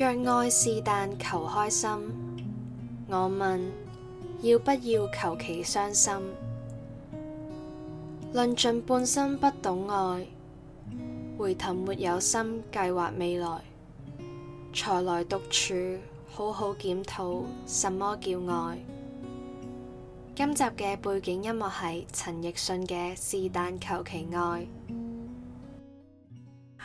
若愛是但求開心，我問要不要求其傷心？論盡半生不懂愛，回頭沒有心計劃未來，才來獨處好好檢討什麼叫愛。今集嘅背景音樂係陳奕迅嘅《是但求其愛》。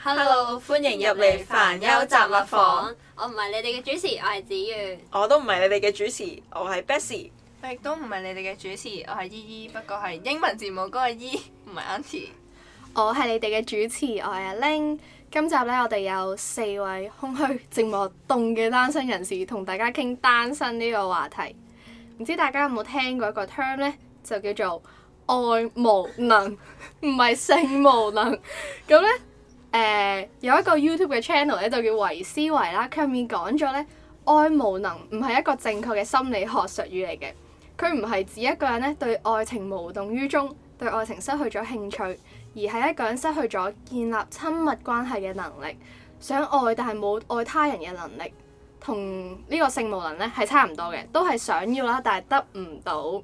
Hello，歡迎入嚟煩憂雜物房。我唔係你哋嘅主持，我係子瑜。我都唔係你哋嘅主持，我係 Bessie。亦都唔係你哋嘅主持，我係依依，不過係英文字母嗰個依，唔係 Auntie。我係你哋嘅主持，我係阿 Ling。今集咧，我哋有四位空虛、寂寞、凍嘅單身人士，同大家傾單身呢個話題。唔知大家有冇聽過一個 term 咧，就叫做愛無能，唔係性無能，咁咧？誒、呃、有一個 YouTube 嘅 channel 咧，就叫維思維啦。佢入面講咗咧，愛無能唔係一個正確嘅心理學術語嚟嘅。佢唔係指一個人咧，對愛情無動於衷，對愛情失去咗興趣，而係一個人失去咗建立親密關係嘅能力，想愛但係冇愛他人嘅能力，同呢個性無能咧係差唔多嘅，都係想要啦，但係得唔到。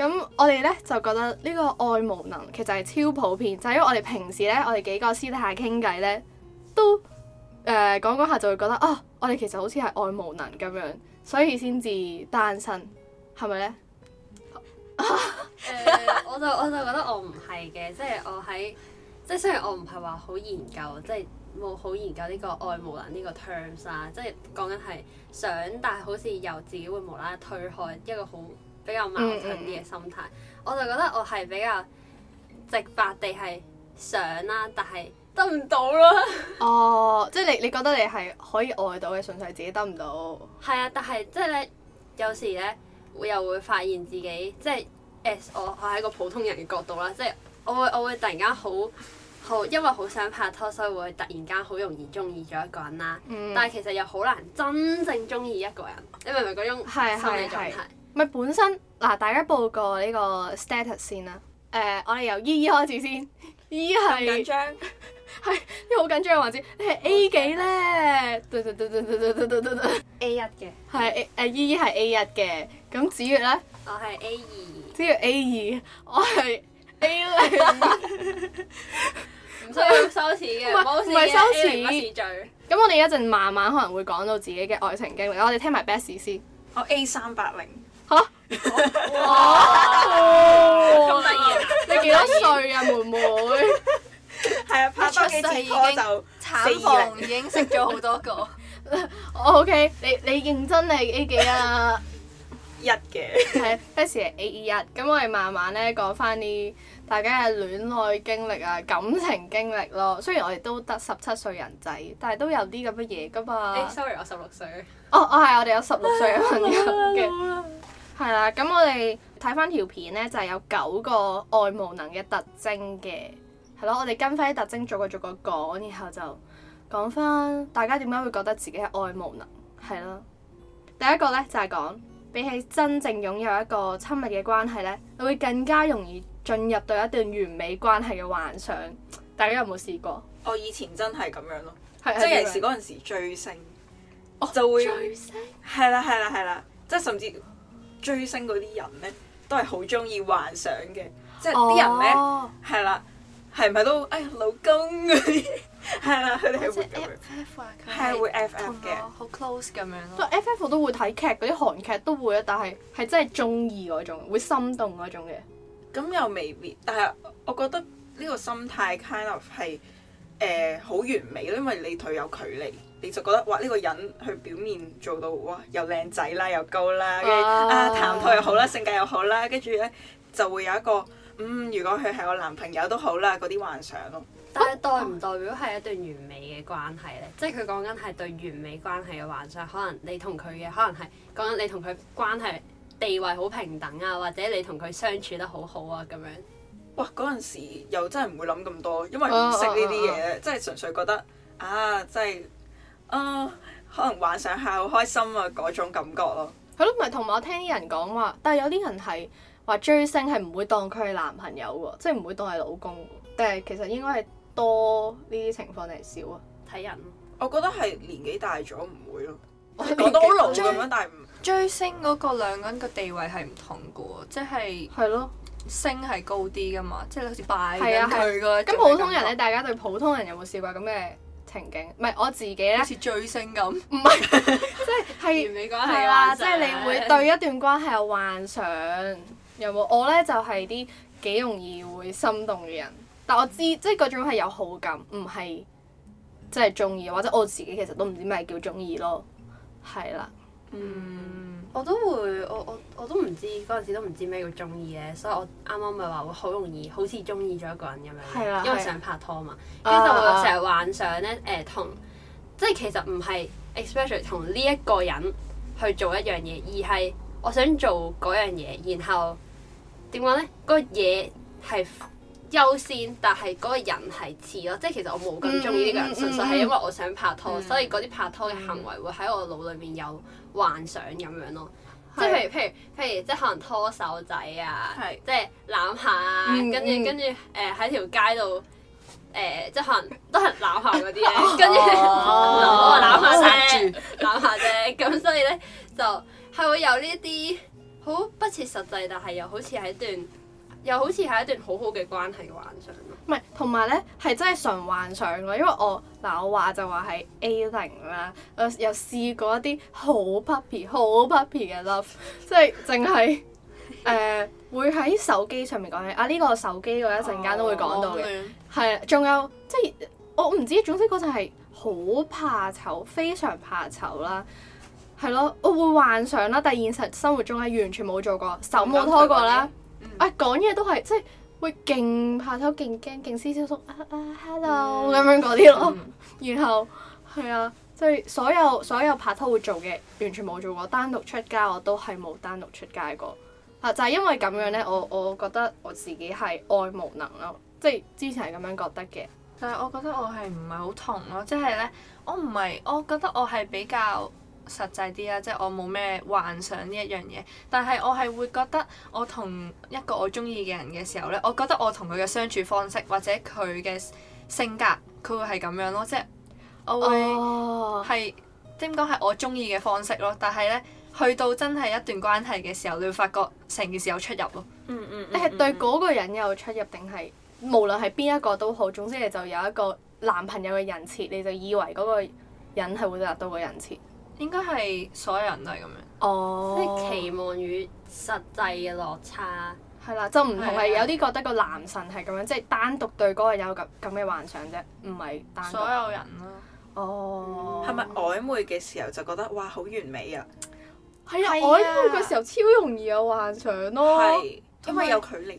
咁我哋咧就覺得呢個愛無能其實係超普遍，就係、是、因為我哋平時咧，我哋幾個私底下傾偈咧都誒、呃、講講下就會覺得啊，我哋其實好似係愛無能咁樣，所以先至單身，係咪咧？我就我就覺得我唔係嘅，即、就、係、是、我喺即係雖然我唔係話好研究，即係冇好研究呢個愛無能呢個 term 啦、啊，即係講緊係想，但係好似由自己會無啦啦推開一個好。比較矛盾啲嘅心態、嗯，我就覺得我係比較直白地係想啦，但係得唔到咯。哦，即、就、係、是、你，你覺得你係可以愛到嘅，純粹自己得唔到、嗯。係、嗯、啊，但係即係咧，就是、你有時咧，我又會發現自己即係，誒、就是，我我喺一個普通人嘅角度啦，即、就、係、是、我會我會突然間好好，因為好想拍拖，所以會突然間好容易中意咗一個人啦。嗯、但係其實又好難真正中意一個人，你明唔明嗰種心理狀態？嗯嗯嗯嗯嗯嗯咪本身嗱、啊，大家報告個呢個 status 先啦。誒、呃，我哋由依、e、依開始先。依依係唔緊張，係呢個好緊張嘅環節。你係 A 幾咧？嘟嘟嘟嘟嘟嘟嘟嘟。A 一、e、嘅。係 A 依 E E 係 A 一嘅。咁子月咧？我係 A 二。子月 A 二，我係 A 零。唔需要羞恥嘅，唔係羞恥。羞恥罪。咁我哋一陣慢慢可能會講到自己嘅愛情經歷。我哋聽埋 best 先。我、oh, A 三八零。嚇！哇！你幾多歲啊，妹妹？係啊，出世已經產房已經識咗好多個。OK，你你認真係呢幾啊？一嘅。係，於是係 A 一。咁我哋慢慢咧講返啲大家嘅戀愛經歷啊、感情經歷咯。雖然我哋都得十七歲人仔，但係都有啲咁嘅嘢噶嘛。誒，sorry，我十六歲。哦，我係我哋有十六歲嘅朋友嘅。係啦，咁、嗯、我哋睇翻條片咧，就係、是、有九個愛無能嘅特徵嘅，係咯。我哋跟翻啲特徵，逐個逐個講，然後就講翻大家點解會覺得自己係愛無能，係咯。第一個咧就係、是、講，比起真正擁有一個親密嘅關係咧，你會更加容易進入到一段完美關係嘅幻想。大家有冇試過？我以前真係咁樣咯，係即係嗰陣時，時追，星、哦、追星，就會係啦，係啦，係啦，啦，啦，即係甚至。追星嗰啲人咧，都係好中意幻想嘅，即係啲人咧，係啦、oh.，係唔係都哎呀老公嗰啲，係 啦，佢哋係會，係會 F F 嘅，好 close 咁樣咯。都 F F 都會睇劇，嗰啲韓劇都會啊，但係係真係中意嗰種，會心動嗰種嘅。咁又未必，但係我覺得呢個心態 kind of 係誒好完美，因為你同佢有距離。你就覺得哇！呢個人佢表面做到哇，又靚仔啦，又高啦，跟住啊談吐又好啦，性格又好啦，跟住咧就會有一個嗯，如果佢係我男朋友都好啦，嗰啲幻想咯。但係代唔代表係一段完美嘅關係咧？ 即係佢講緊係對完美關係嘅幻想，可能你同佢嘅可能係講緊你同佢關係地位好平等啊，或者你同佢相處得好好啊咁樣。哇！嗰陣時又真係唔會諗咁多，因為唔識呢啲嘢，即係純粹覺得啊，即係。啊，uh, 可能幻想下好開心啊嗰種感覺咯。係咯，唔係同埋我聽啲人講話，但係有啲人係話追星係唔會當佢係男朋友噶，即係唔會當係老公。但係其實應該係多呢啲情況定係少啊？睇人。我覺得係年紀大咗唔會咯。我係覺得好老咁樣，但係追星嗰個兩個人嘅地位係唔同噶，即係係咯，星係高啲噶嘛，即係好似拜佢噶咁普通人咧，大家對普通人有冇試過咁嘅？情景唔係我自己咧，好似追星咁，唔係即係係係啦，即 係你會對一段關係有幻想，有冇？我咧就係、是、啲幾容易會心動嘅人，但我知即係嗰種係有好感，唔係即係中意，或者我自己其實都唔知咩叫中意咯，係啦。嗯。我都會，我我我都唔知嗰陣時都唔知咩叫中意咧，所以我啱啱咪話會好容易好似中意咗一個人咁樣，啊啊、因為想拍拖嘛，跟住我成日幻想咧，誒、呃、同即係其實唔係 especially 同呢一個人去做一樣嘢，而係我想做嗰樣嘢，然後點講咧？嗰嘢係。那個優先，但係嗰個人係似咯，即、就、係、是、其實我冇咁中意呢個人，嗯嗯、純粹係因為我想拍拖，嗯、所以嗰啲拍拖嘅行為會喺我腦裏面有幻想咁樣咯。嗯、即係譬如譬如譬如，嗯、即係可能拖手仔啊，即係攬下啊，跟住跟住誒喺條街度誒，即係可能都係攬下嗰啲咧，跟住攬下啫，攬下啫。咁所以咧就係會有呢一啲好不切實際，但係又好似喺一段。又好似係一段好好嘅關係幻想，唔係，同埋咧係真係純幻想咯，因為我嗱、啊、我話就話係 A 零啦，又試過一啲好 puppy 好 puppy 嘅 love，即係淨係誒會喺手機上面講起。啊呢、呢個我手機嗰一陣間都會講到嘅，係仲、oh, yeah. 有即係、就是、我唔知，總之嗰陣係好怕醜，非常怕醜啦，係咯，我會幻想啦，但係現實生活中係完全冇做過， 手冇拖過啦。啊，講嘢、哎、都係即係會勁拍拖，勁驚勁思消息啊啊，hello 咁樣嗰啲咯。然後係啊，即、就、係、是、所有所有拍拖會做嘅，完全冇做過。單獨出街我都係冇單獨出街過。啊，就係、是、因為咁樣咧，我我覺得我自己係愛無能咯。即係之前係咁樣覺得嘅。但係我覺得我係唔係好同咯，即係咧，我唔係我覺得我係比較，實際啲啦，即係我冇咩幻想呢一樣嘢。但係我係會覺得我同一個我中意嘅人嘅時候呢，我覺得我同佢嘅相處方式或者佢嘅性格，佢會係咁樣咯。即係我會係點講係我中意嘅方式咯。但係呢，去到真係一段關係嘅時候，你會發覺成件事有出入咯。嗯嗯嗯，你係對嗰個人有出入，定係無論係邊一個都好，總之你就有一個男朋友嘅人設，你就以為嗰個人係會達到個人設。應該係所有人都係咁樣，oh. 即係期望與實際嘅落差係啦，就唔同係了有啲覺得個男神係咁樣，即、就、係、是、單獨對嗰個有咁咁嘅幻想啫，唔係單獨所有人咯、啊。哦，係咪曖昧嘅時候就覺得哇好完美啊？係啊，啊曖昧嘅時候超容易有幻想咯、啊，因為有距離。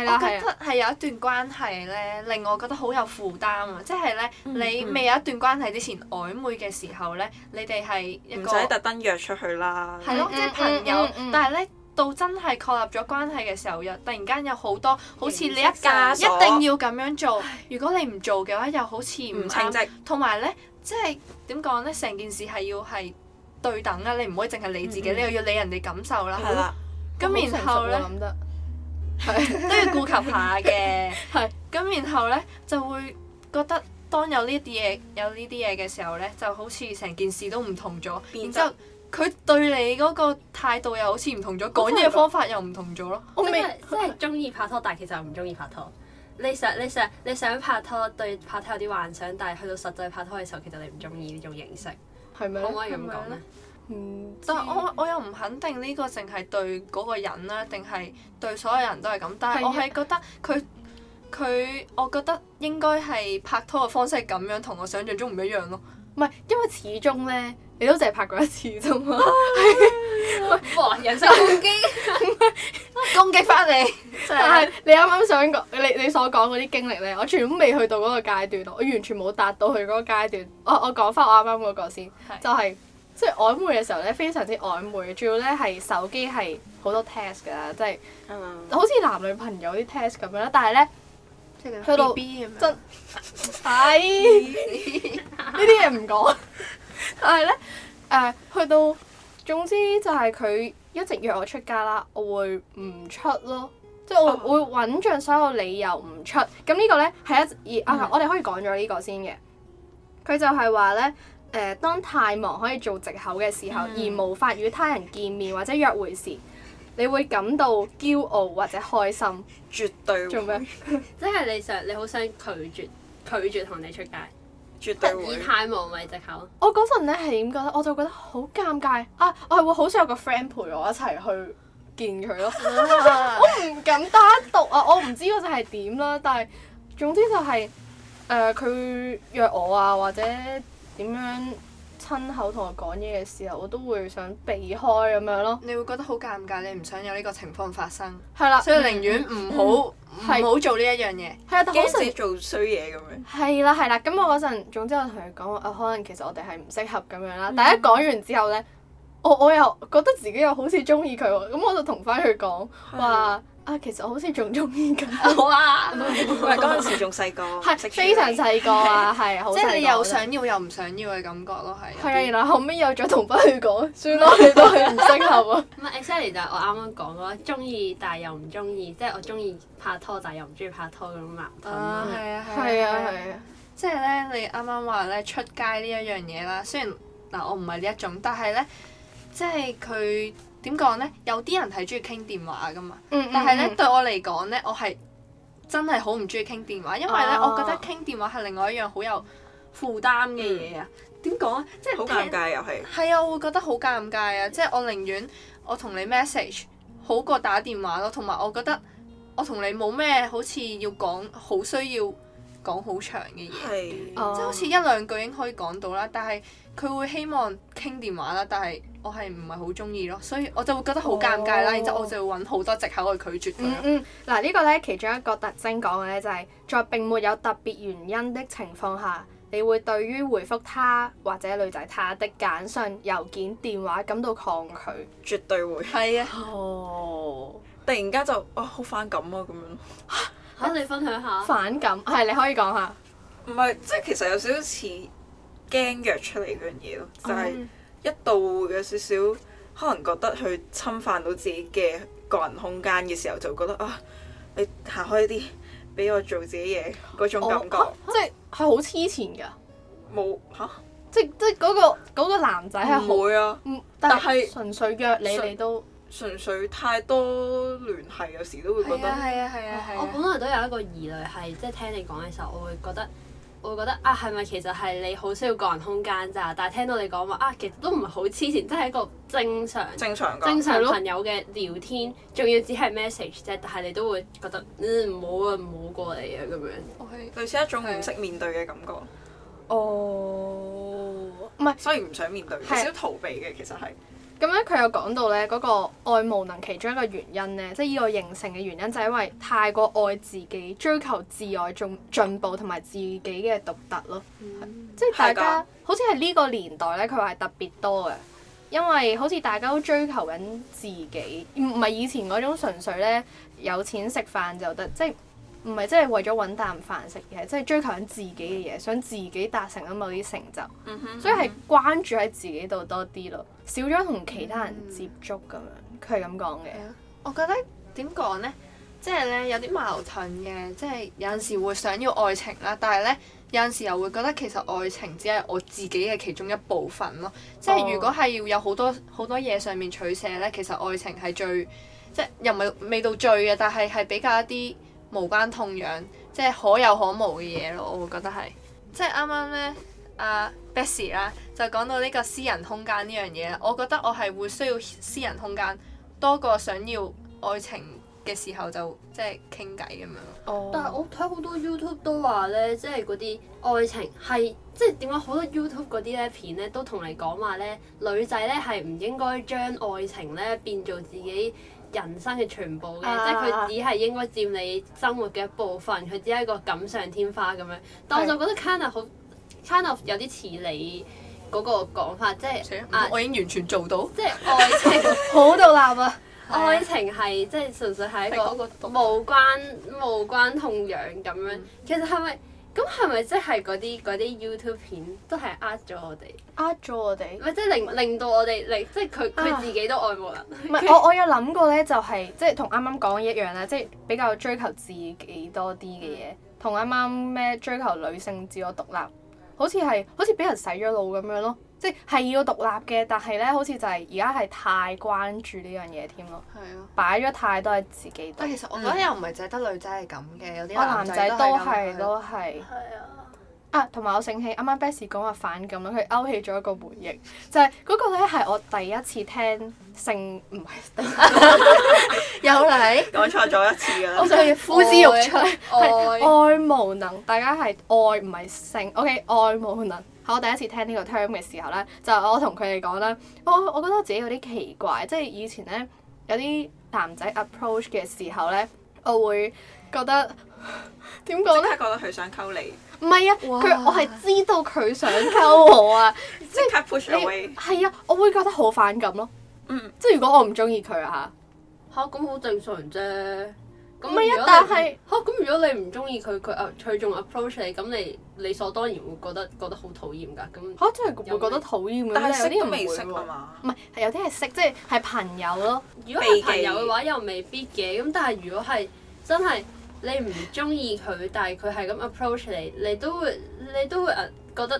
我覺得係有一段關係咧，令我覺得好有負擔啊！即係咧，你未有一段關係之前曖昧嘅時候咧，你哋係一個唔使特登約出去啦。係咯的，嗯、即係朋友。嗯嗯嗯、但係咧，到真係確立咗關係嘅時候，又突然間有好多好似你一家一定要咁樣做。如果你唔做嘅話，又好似唔稱職。同埋咧，即係點講咧？成、就是、件事係要係對等啊！你唔可以淨係理自己，嗯、你又要理人哋感受啦。係啦了。咁然後咧。係 都要顧及下嘅，係咁 是然後咧就會覺得當有呢啲嘢有呢啲嘢嘅時候咧，就好似成件事都唔同咗。成然之後佢對你嗰個態度又好似唔同咗，講嘢方法又唔同咗咯。我未沒即係中意拍拖，但係其實唔中意拍拖。你想你想你想拍拖，對拍拖有啲幻想，但係去到實際拍拖嘅時候，其實你唔中意呢種形式，係咪嗎？可唔可以咁講咧？但係我我又唔肯定呢個淨係對嗰個人啦，定係對所有人都係咁。但係我係覺得佢佢，我覺得應該係拍拖嘅方式係咁樣，同我想象中唔一樣咯。唔係，因為始終咧，你都淨係拍過一次啫嘛。人身 攻擊攻擊翻你，但係你啱啱想講你你所講嗰啲經歷咧，我全部都未去到嗰個階段咯，我完全冇達到佢嗰個階段。我我講翻我啱啱嗰個先， 就係、是。即係曖昧嘅時候咧，非常之曖昧。主要咧係手機係好多 test 㗎啦，即係好似男女朋友啲 test 咁樣啦。但係咧到、呃，去到真係呢啲嘢唔講。但係咧，誒去到總之就係佢一直約我出街啦，我會唔出咯。Oh. 即係我會揾盡所有理由唔出。咁呢個咧係一啊，mm hmm. 啊，我哋可以講咗呢個先嘅。佢就係話咧。誒、呃，當太忙可以做藉口嘅時候，嗯、而無法與他人見面或者約會時，你會感到驕傲或者開心，絕對會做咩什？ 即係你成日你好想拒絕拒絕同你出街，絕對會以太忙為藉口。我嗰陣咧係點覺得？我就覺得好尷尬啊！我係會好想有個 friend 陪我一齊去見佢咯。我唔敢單獨啊！我唔、啊、知嗰陣係點啦，但係總之就係、是、誒，佢、呃呃、約我啊，或者。點樣親口同我講嘢嘅時候，我都會想避開咁樣咯。你會覺得好尷尬，你唔想有呢個情況發生。係啦，所以寧願唔好唔好做呢一樣嘢。係啊，但好似做衰嘢咁樣。係啦係啦，咁、啊啊、我嗰陣，總之我同佢講話，可能其實我哋係唔適合咁樣啦。嗯、但一講完之後呢，我我又覺得自己又好似中意佢，咁我就同翻佢講話。啊，其實我好似仲中意佢哇！唔係嗰陣時仲細個，係非常細個啊，係 即係你又想要又唔想要嘅感覺咯，係。係啊，然後後尾又再同佢去講，算啦，你都係唔適合啊。 唔係 actually 就係、是、我啱啱講咯，中意但係又唔中意，即係我中意拍拖，但係又唔中意拍拖咁樣矛盾。啊，係啊，係啊，即係咧！你啱啱話咧出街呢一樣嘢啦，雖然嗱我唔係呢一種，但係咧即係佢。點講呢？有啲人係中意傾電話噶嘛，嗯嗯，但係咧對我嚟講咧，我係真係好唔中意傾電話，因為咧、哦、我覺得傾電話係另外一樣好有負擔嘅嘢啊。點講啊？即係好尷尬又係。係啊，我會覺得好尷尬啊！即係我寧願我同你 message 好過打電話咯，同埋我覺得我同你冇咩好似要講好需要。講長是、哦、好長嘅嘢，即係好似一兩句已經可以講到啦。但係佢會希望傾電話啦，但係我係唔係好中意咯，所以我就會覺得好尷尬啦。然之後我就會揾好多藉口去拒絕佢。嗯，嗯，嗱呢、呢個呢，其中一個特徵講嘅呢，就係，在並沒有特別原因的情況下，你會對於回覆他或者女仔他的簡訊、郵件、電話感到抗拒，絕對會係啊。的哦、突然間就哇好、哦、反感啊咁樣。 等、啊、你分享下。反感，係、啊、你可以講下。唔係，即係其實有少少似驚約出嚟嗰樣嘢咯，就係、是、一到有少少可能覺得佢侵犯到自己嘅個人空間嘅時候，就覺得啊，你行開啲，俾我做自己嘢嗰種感覺。即係係好黐纏㗎。冇嚇，即即嗰、那個嗰、那個、男仔係。唔會啊！嗯、但係是純粹約你，純你都。純粹太多聯繫，有時都會覺得。係啊，係啊，係啊，係。我本來都有一個疑慮，係即係聽你講嘅時候，我會覺得，我會覺得啊，係咪其實係你好需要個人空間咋？但係聽到你講話啊，其實都唔係好黐線，即係一個正常正常正常朋友嘅聊天，仲對咯 要只係 message 啫。但係你都會覺得，嗯、呃，唔好啊，唔好過嚟啊，咁樣。我 Okay, 類似一種唔識面對嘅感覺。啊、哦，唔係，所以唔想面對，有少少逃避嘅，其實係。咁咧，佢有講到咧，嗰個愛無能，其中一個原因咧，即係依個形成嘅原因，就係因為太過愛自己，追求自愛進進步同埋自己嘅獨特咯。嗯、即係大家的好似係呢個年代咧，佢話係特別多嘅，因為好似大家都追求緊自己，唔唔係以前嗰種純粹咧，有錢食飯就得，即係。唔係真係為咗揾啖飯食，而即係追求緊自己嘅嘢，想自己達成緊某啲成就，mm hmm, mm hmm. 所以係關注喺自己度多啲咯，少咗同其他人接觸咁、mm hmm. 樣。佢係咁講嘅。Yeah. 我覺得點講呢？即、就、係、是、呢，有啲矛盾嘅，即、就、係、是、有陣時會想要愛情啦，但係呢，有陣時又會覺得其實愛情只係我自己嘅其中一部分咯。即、就、係、是、如果係要有好多好、oh. 多嘢上面取捨呢，其實愛情係最即係、就是、又唔係未到最嘅，但係係比較一啲。無關痛癢，即係可有可無嘅嘢咯，我會覺得係。即係啱啱呢，阿 Bessy 啦，就講到呢個私人空間呢樣嘢，我覺得我係會需要私人空間多過想要愛情嘅時候就，就即係傾偈咁樣。哦。但係我睇好多 YouTube 都話呢，即係嗰啲愛情係即係點解好多 YouTube 嗰啲呢片呢，都同你講話呢，女仔呢係唔應該將愛情呢變做自己。哦人生嘅全部嘅，uh, 即係佢只係應該佔你生活嘅一部分，佢只係一個錦上添花咁樣。但我就覺得 kind of 好，kind of 有啲似你嗰個講法，即係我已經完全做到，啊、即係愛情好到冧啊！ 愛情係 即係純粹係一個無關無關痛癢咁樣。其實係咪？咁係咪即係嗰啲嗰啲 YouTube 片都係呃咗我哋？呃咗我哋？咪即係令令到我哋令即係佢佢自己都愛慕人。唔係、啊、我我有諗過咧，就係、是、即係同啱啱講一樣啦，即係比較追求自己多啲嘅嘢，同啱啱咩追求女性自我獨立，好似係好似俾人洗咗腦咁樣咯。即係要獨立嘅，但係咧，好似就係而家係太關注呢樣嘢添咯，啊、擺咗太多喺自己度。但其實我覺得又唔係淨係得女仔係咁嘅，嗯、有啲男仔都係。都係。係啊。啊，同埋我醒起啱啱 Bess 講話反感咯，佢勾起咗一個回憶，就係、是、嗰個咧係我第一次聽性唔係有你講錯咗一次嘅咧。我想要呼之欲出，愛無能。大家係愛唔係性？O.K. 愛無能係我第一次聽呢個 term 嘅時候咧，就是、我同佢哋講啦。我我覺得我自己有啲奇怪，即、就、係、是、以前咧有啲男仔 approach 嘅時候咧，我會覺得。點講咧？覺得佢想溝你？唔係啊，佢我係知道佢想溝我啊，即刻 push away。係啊，我會覺得好反感咯。嗯，即係如果我唔中意佢啊，吓，咁好正常啫。咁咪啊？但係吓咁，如果你唔中意佢，佢啊，佢仲 approach 你，咁你理所當然會覺得覺得好討厭噶。咁吓真係會覺得討厭。但係有啲唔會，唔係係有啲係識，即係係朋友咯。如果係朋友嘅話，又未必嘅。咁但係如果係真係。你唔中意佢，但係佢係咁 approach 你，你都會你都會覺得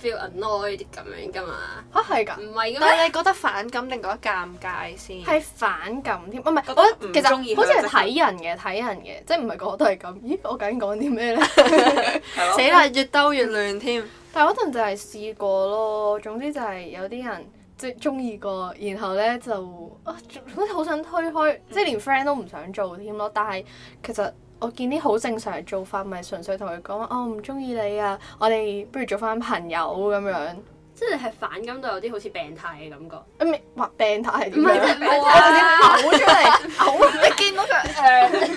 feel annoyed 咁樣噶嘛？嚇係㗎，唔係咁。你覺得反感定覺得尷尬先？係 反感添，唔係我覺得其實好似係睇人嘅，睇人嘅， 即係唔係個個都係咁？咦，我緊講啲咩呢？死啦， 越兜越亂添。 但係嗰陣就係試過咯，總之就係有啲人即係中意過，然後呢就啊總好想推開，即係連 friend 都唔想做添咯。但係其實。我見啲好正常嘅做法，咪純粹同佢講話，oh, 我唔中意你啊！我哋不如做翻朋友咁樣，即係你係反感到有啲好似病態嘅感覺。唔係話病態係點樣啊？嘔哇出嚟！嘔、 這個！你見到佢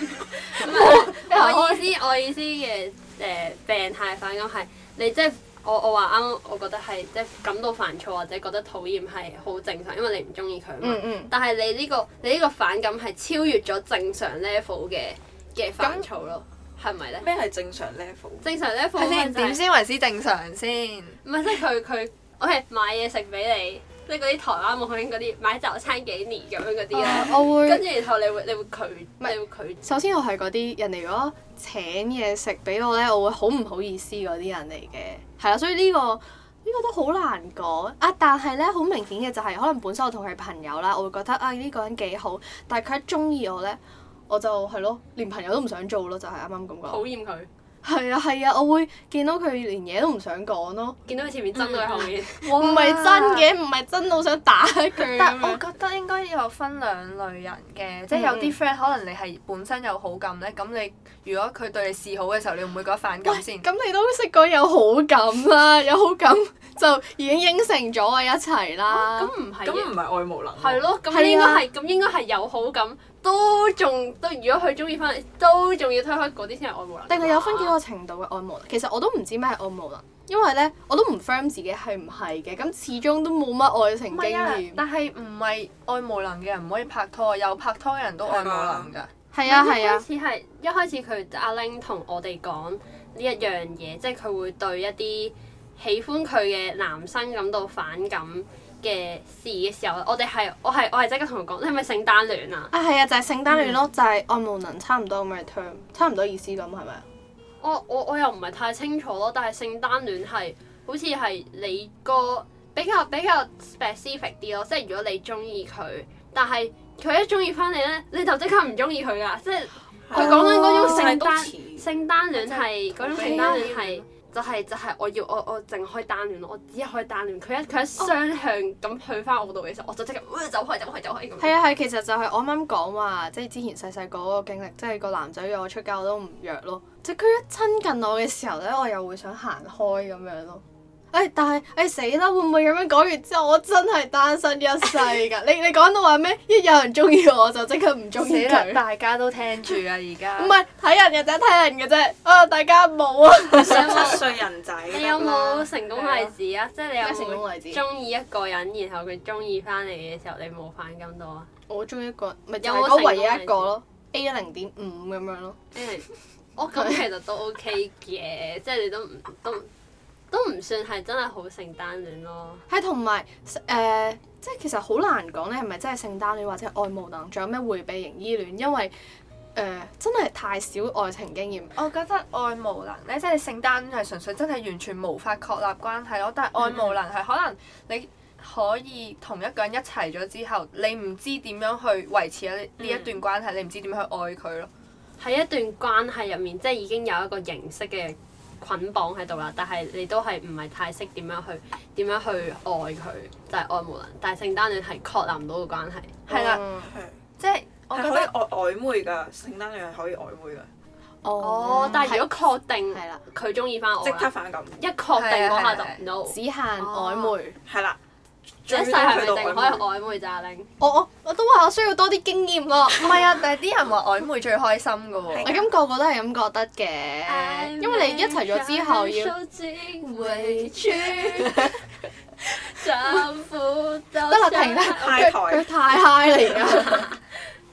誒？唔係，我意思，我意思嘅誒病態反感係你即係我我話啱，我覺得係即係感到煩躁或者覺得討厭係好正常，因為你唔中意佢嘛。嗯嗯。但係你呢個你呢個反感係超越咗正常 level 嘅。嘅甘草咯，係咪咧？咩係正常 level？正常 level 先點先為之正常先？唔係即係佢佢，我係買嘢食俾你，即係嗰啲台灣冇可嗰啲買就餐幾年咁樣嗰啲咯。我會跟住然後你會你會拒，唔係你會拒。首先我係嗰啲人哋如果請嘢食俾我咧，我會好唔好意思嗰啲人嚟嘅，係啦。所以呢個呢個都好難講啊！但係咧好明顯嘅就係，可能本身我同佢係朋友啦，我會覺得啊呢個人幾好，但係佢中意我咧。我就係咯，連朋友都唔想做咯，就係啱啱咁講。討厭佢。係啊，係啊，我會見到佢連嘢都唔想講咯，見到佢前面爭到佢後面，唔係、嗯、哇 真嘅，唔係真我想打佢。哇 但係我覺得應該有分兩類人嘅，嗯、即係有啲 friend 可能你係本身有好感咧，咁、嗯、你如果佢對你示好嘅時候，你會唔會覺得反感先？咁、嗯、你都識講有好感啦、啊，有好感。 就已經應承咗我一齊啦。咁唔係，咁唔係愛無能、啊。係咯，咁應該係，咁、啊、應該係有好感。都仲都，如果佢中意翻，都仲要推開嗰啲先係愛無能。定係有分幾個程度嘅愛無能？其實我都唔知咩係愛無能，因為咧我都唔 firm 自己係唔係嘅，咁始終都冇乜愛情經驗。啊、但係唔係愛無能嘅人唔可以拍拖，有拍拖嘅人都愛無能㗎。係啊係啊。似係、啊啊啊、一開始佢阿 Ling 同我哋講呢一樣嘢，即係佢會對一啲。喜歡佢嘅男生感到反感嘅事嘅時候，我哋係我係我係即刻同佢講，你係咪性單戀啊？啊係啊，就係、是、性單戀咯，嗯、就係愛無能差唔多咁嘅 term，差唔多意思咁係咪啊？我我我又唔係太清楚咯，但係性單戀係好似係你個比較比較 specific 啲咯，即係如果你中意佢，但係佢一中意翻你咧，你就刻、啊、即刻唔中意佢噶，即係佢講緊嗰種性單、啊、性單戀係嗰種性單戀係。就係、是，就係、是。我要我我淨可以單戀咯，我只可以單戀。佢一佢一雙向咁、oh. 去翻我度嘅時候，我就即刻、呃、走開走開走開咁。係啊係，其實就係我啱啱講話，即係之前細細個嗰個經歷，即係個男仔約我出街我都唔約咯。即係佢一親近我嘅時候咧，我又會想行開咁樣咯。誒、哎、但係誒死啦！會唔會咁樣講完之後，我真係單身一世㗎？ 你你講到話咩？一有人中意我就即刻唔中意啦！大家都聽住啊，而家唔係睇人嘅啫，睇人嘅啫啊！大家冇啊，想七歲人仔。你有冇成功例子啊？即係你有冇中意一個人，然後佢中意翻你嘅時候，你冇反咁多啊？我中意一個咪有我唯一一個咯，A 一零點五咁樣咯。即係我咁其實都 OK 嘅，即係你都唔都。都唔算係真係好性單戀咯，係同埋誒，即係其實好難講咧，係咪真係性單戀或者愛無能，仲有咩回避型依戀，因為誒、呃、真係太少愛情經驗。我覺得愛無能咧，即係性單戀係純粹真係完全無法確立關係咯。但係愛無能係可能你可以同一個人一齊咗之後，你唔知點樣去維持呢一段關係，嗯、你唔知點樣去愛佢咯。喺一段關係入面，即係已經有一個形式嘅。捆綁喺度啦，但係你都係唔係太識點樣去點樣去愛佢，就係、是、愛無能。但係聖誕戀係確立唔到嘅關係，係啦、哦的，即係我覺得愛曖昧㗎。聖誕戀係可以曖昧㗎。昧哦，但係如果確定係啦，佢鍾意返我，即刻反感。一確定嗰下就唔到，只限曖昧，係啦、哦。一世係咪定可以曖昧咋令？我我我都話我需要多啲經驗咯。唔係明不清啊，但係啲人話曖昧最開心嘅喎，咁個個都係咁覺得嘅。因為你一齊咗之後要辛苦到得啦！停啦，佢，佢太 high 㗎。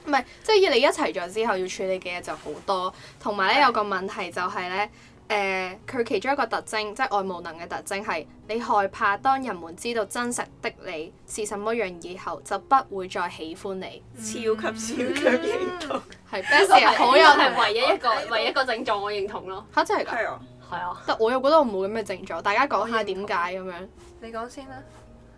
唔 係，即係要你一齊咗之後要處理嘅嘢就好多，同埋咧有個問題就係咧。誒，佢其中一個特徵，即係愛無能嘅特徵係，你害怕當人們知道真實的你是什麼樣以後，就不會再喜歡你。超級超級認同，係。呢個好有，係唯一一個唯一一個症狀，我認同咯。吓真係噶？係啊，係啊。但我又覺得我冇咁嘅症狀，大家講下點解咁樣？你講先啦。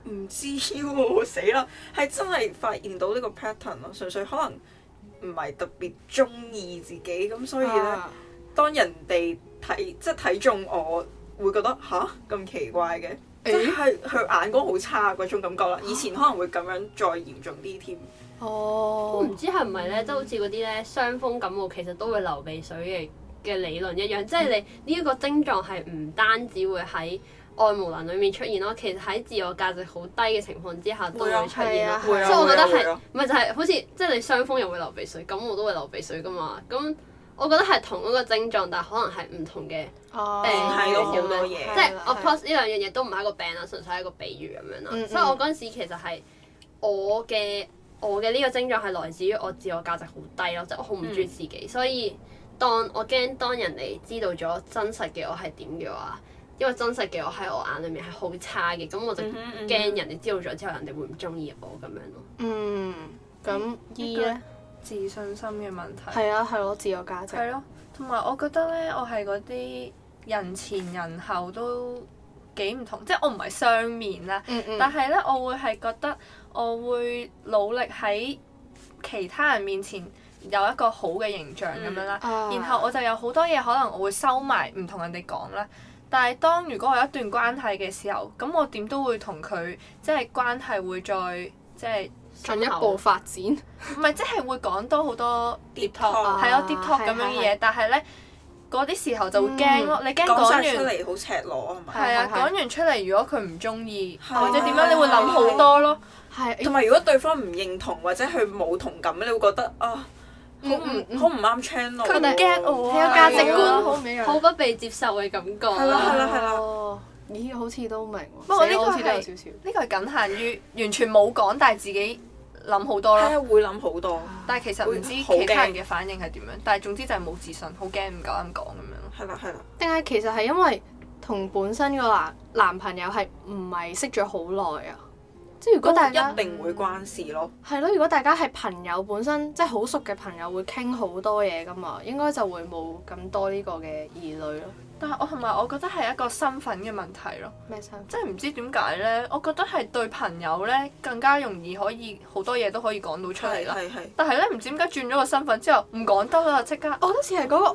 唔知喎，死啦！係真係發現到呢個 pattern 咯，純粹可能唔係特別中意自己，咁所以咧，當人哋。睇即係睇中我，我會覺得吓，咁奇怪嘅，欸、即係佢眼光好差嗰種感覺啦。以前可能會咁樣再嚴重啲添。哦、oh，我唔知係唔係咧，即係好似嗰啲咧傷風感冒其實都會流鼻水嘅嘅理論一樣，即、就、係、是、你呢一個症狀係唔單止會喺愛無能裡面出現咯，其實喺自我價值好低嘅情況之下都會出現咯。即係、啊啊啊啊、我覺得係，唔係、啊啊、就係、是、好似即係你傷風又會流鼻水，感冒都會流鼻水噶嘛。咁。我覺得係同一個症狀，但係可能係唔同嘅病嚟嘅嘢，即係 o 呢兩樣嘢都唔係一個病啦，純粹係一個比喻咁樣啦。Mm hmm. 所以我嗰陣時其實係我嘅我嘅呢個症狀係來自於我自我價值好低咯，即、就、係、是、我好唔中意自己，mm hmm. 所以當我驚當人哋知道咗真實嘅我係點嘅話，因為真實嘅我喺我眼裏面係好差嘅，咁我就驚人哋知道咗之後，人哋會唔中意我咁樣咯。Mm hmm. 嗯，咁 E 咧？自信心嘅問題，係啊係我、啊、自由價值，係咯、啊，同埋我覺得咧，我係嗰啲人前人後都幾唔同，即係我唔係雙面啦，嗯嗯，但係咧，我會係覺得我會努力喺其他人面前有一個好嘅形象咁、嗯、樣啦，然後我就有好多嘢可能我會收埋唔同人哋講啦，但係當如果我有一段關係嘅時候，咁我點都會同佢即係關係會再即係進一步發展，唔係即係會講多好多 topic 係咯，topic 咁樣嘅嘢，但係咧嗰啲時候就會驚咯，你驚講完出嚟好赤裸係咪？係啊，講完出嚟如果佢唔中意或者點樣，你會諗好多咯。係同埋如果對方唔認同或者佢冇同感，你會覺得啊，好唔好唔啱 channel？佢唔驚我啊！係個價值觀好唔好不被接受嘅感覺。係啦係啦係啦。咦？好似都明。不過呢個係呢個係僅限於完全冇講，但係自己。諗好多咯，係啊，會諗好多，但係其實唔知其他人嘅反應係點樣，但係總之就係冇自信，好驚唔夠膽講咁樣。係啦，係啦。定係其實係因為同本身個男男朋友係唔係識咗好耐啊？即係如果大家一定會關事咯。係咯、嗯，如果大家係朋友本身，即係好熟嘅朋友會傾好多嘢㗎嘛，應該就會冇咁多呢個嘅疑慮咯。但係我同埋我覺得係一個身份嘅問題咯，咩身份？即係唔知點解咧，我覺得係對朋友咧更加容易可以好多嘢都可以講到出嚟啦。係係係係，但係咧唔知點解轉咗個身份之後唔講得啦，即刻。我都似係嗰個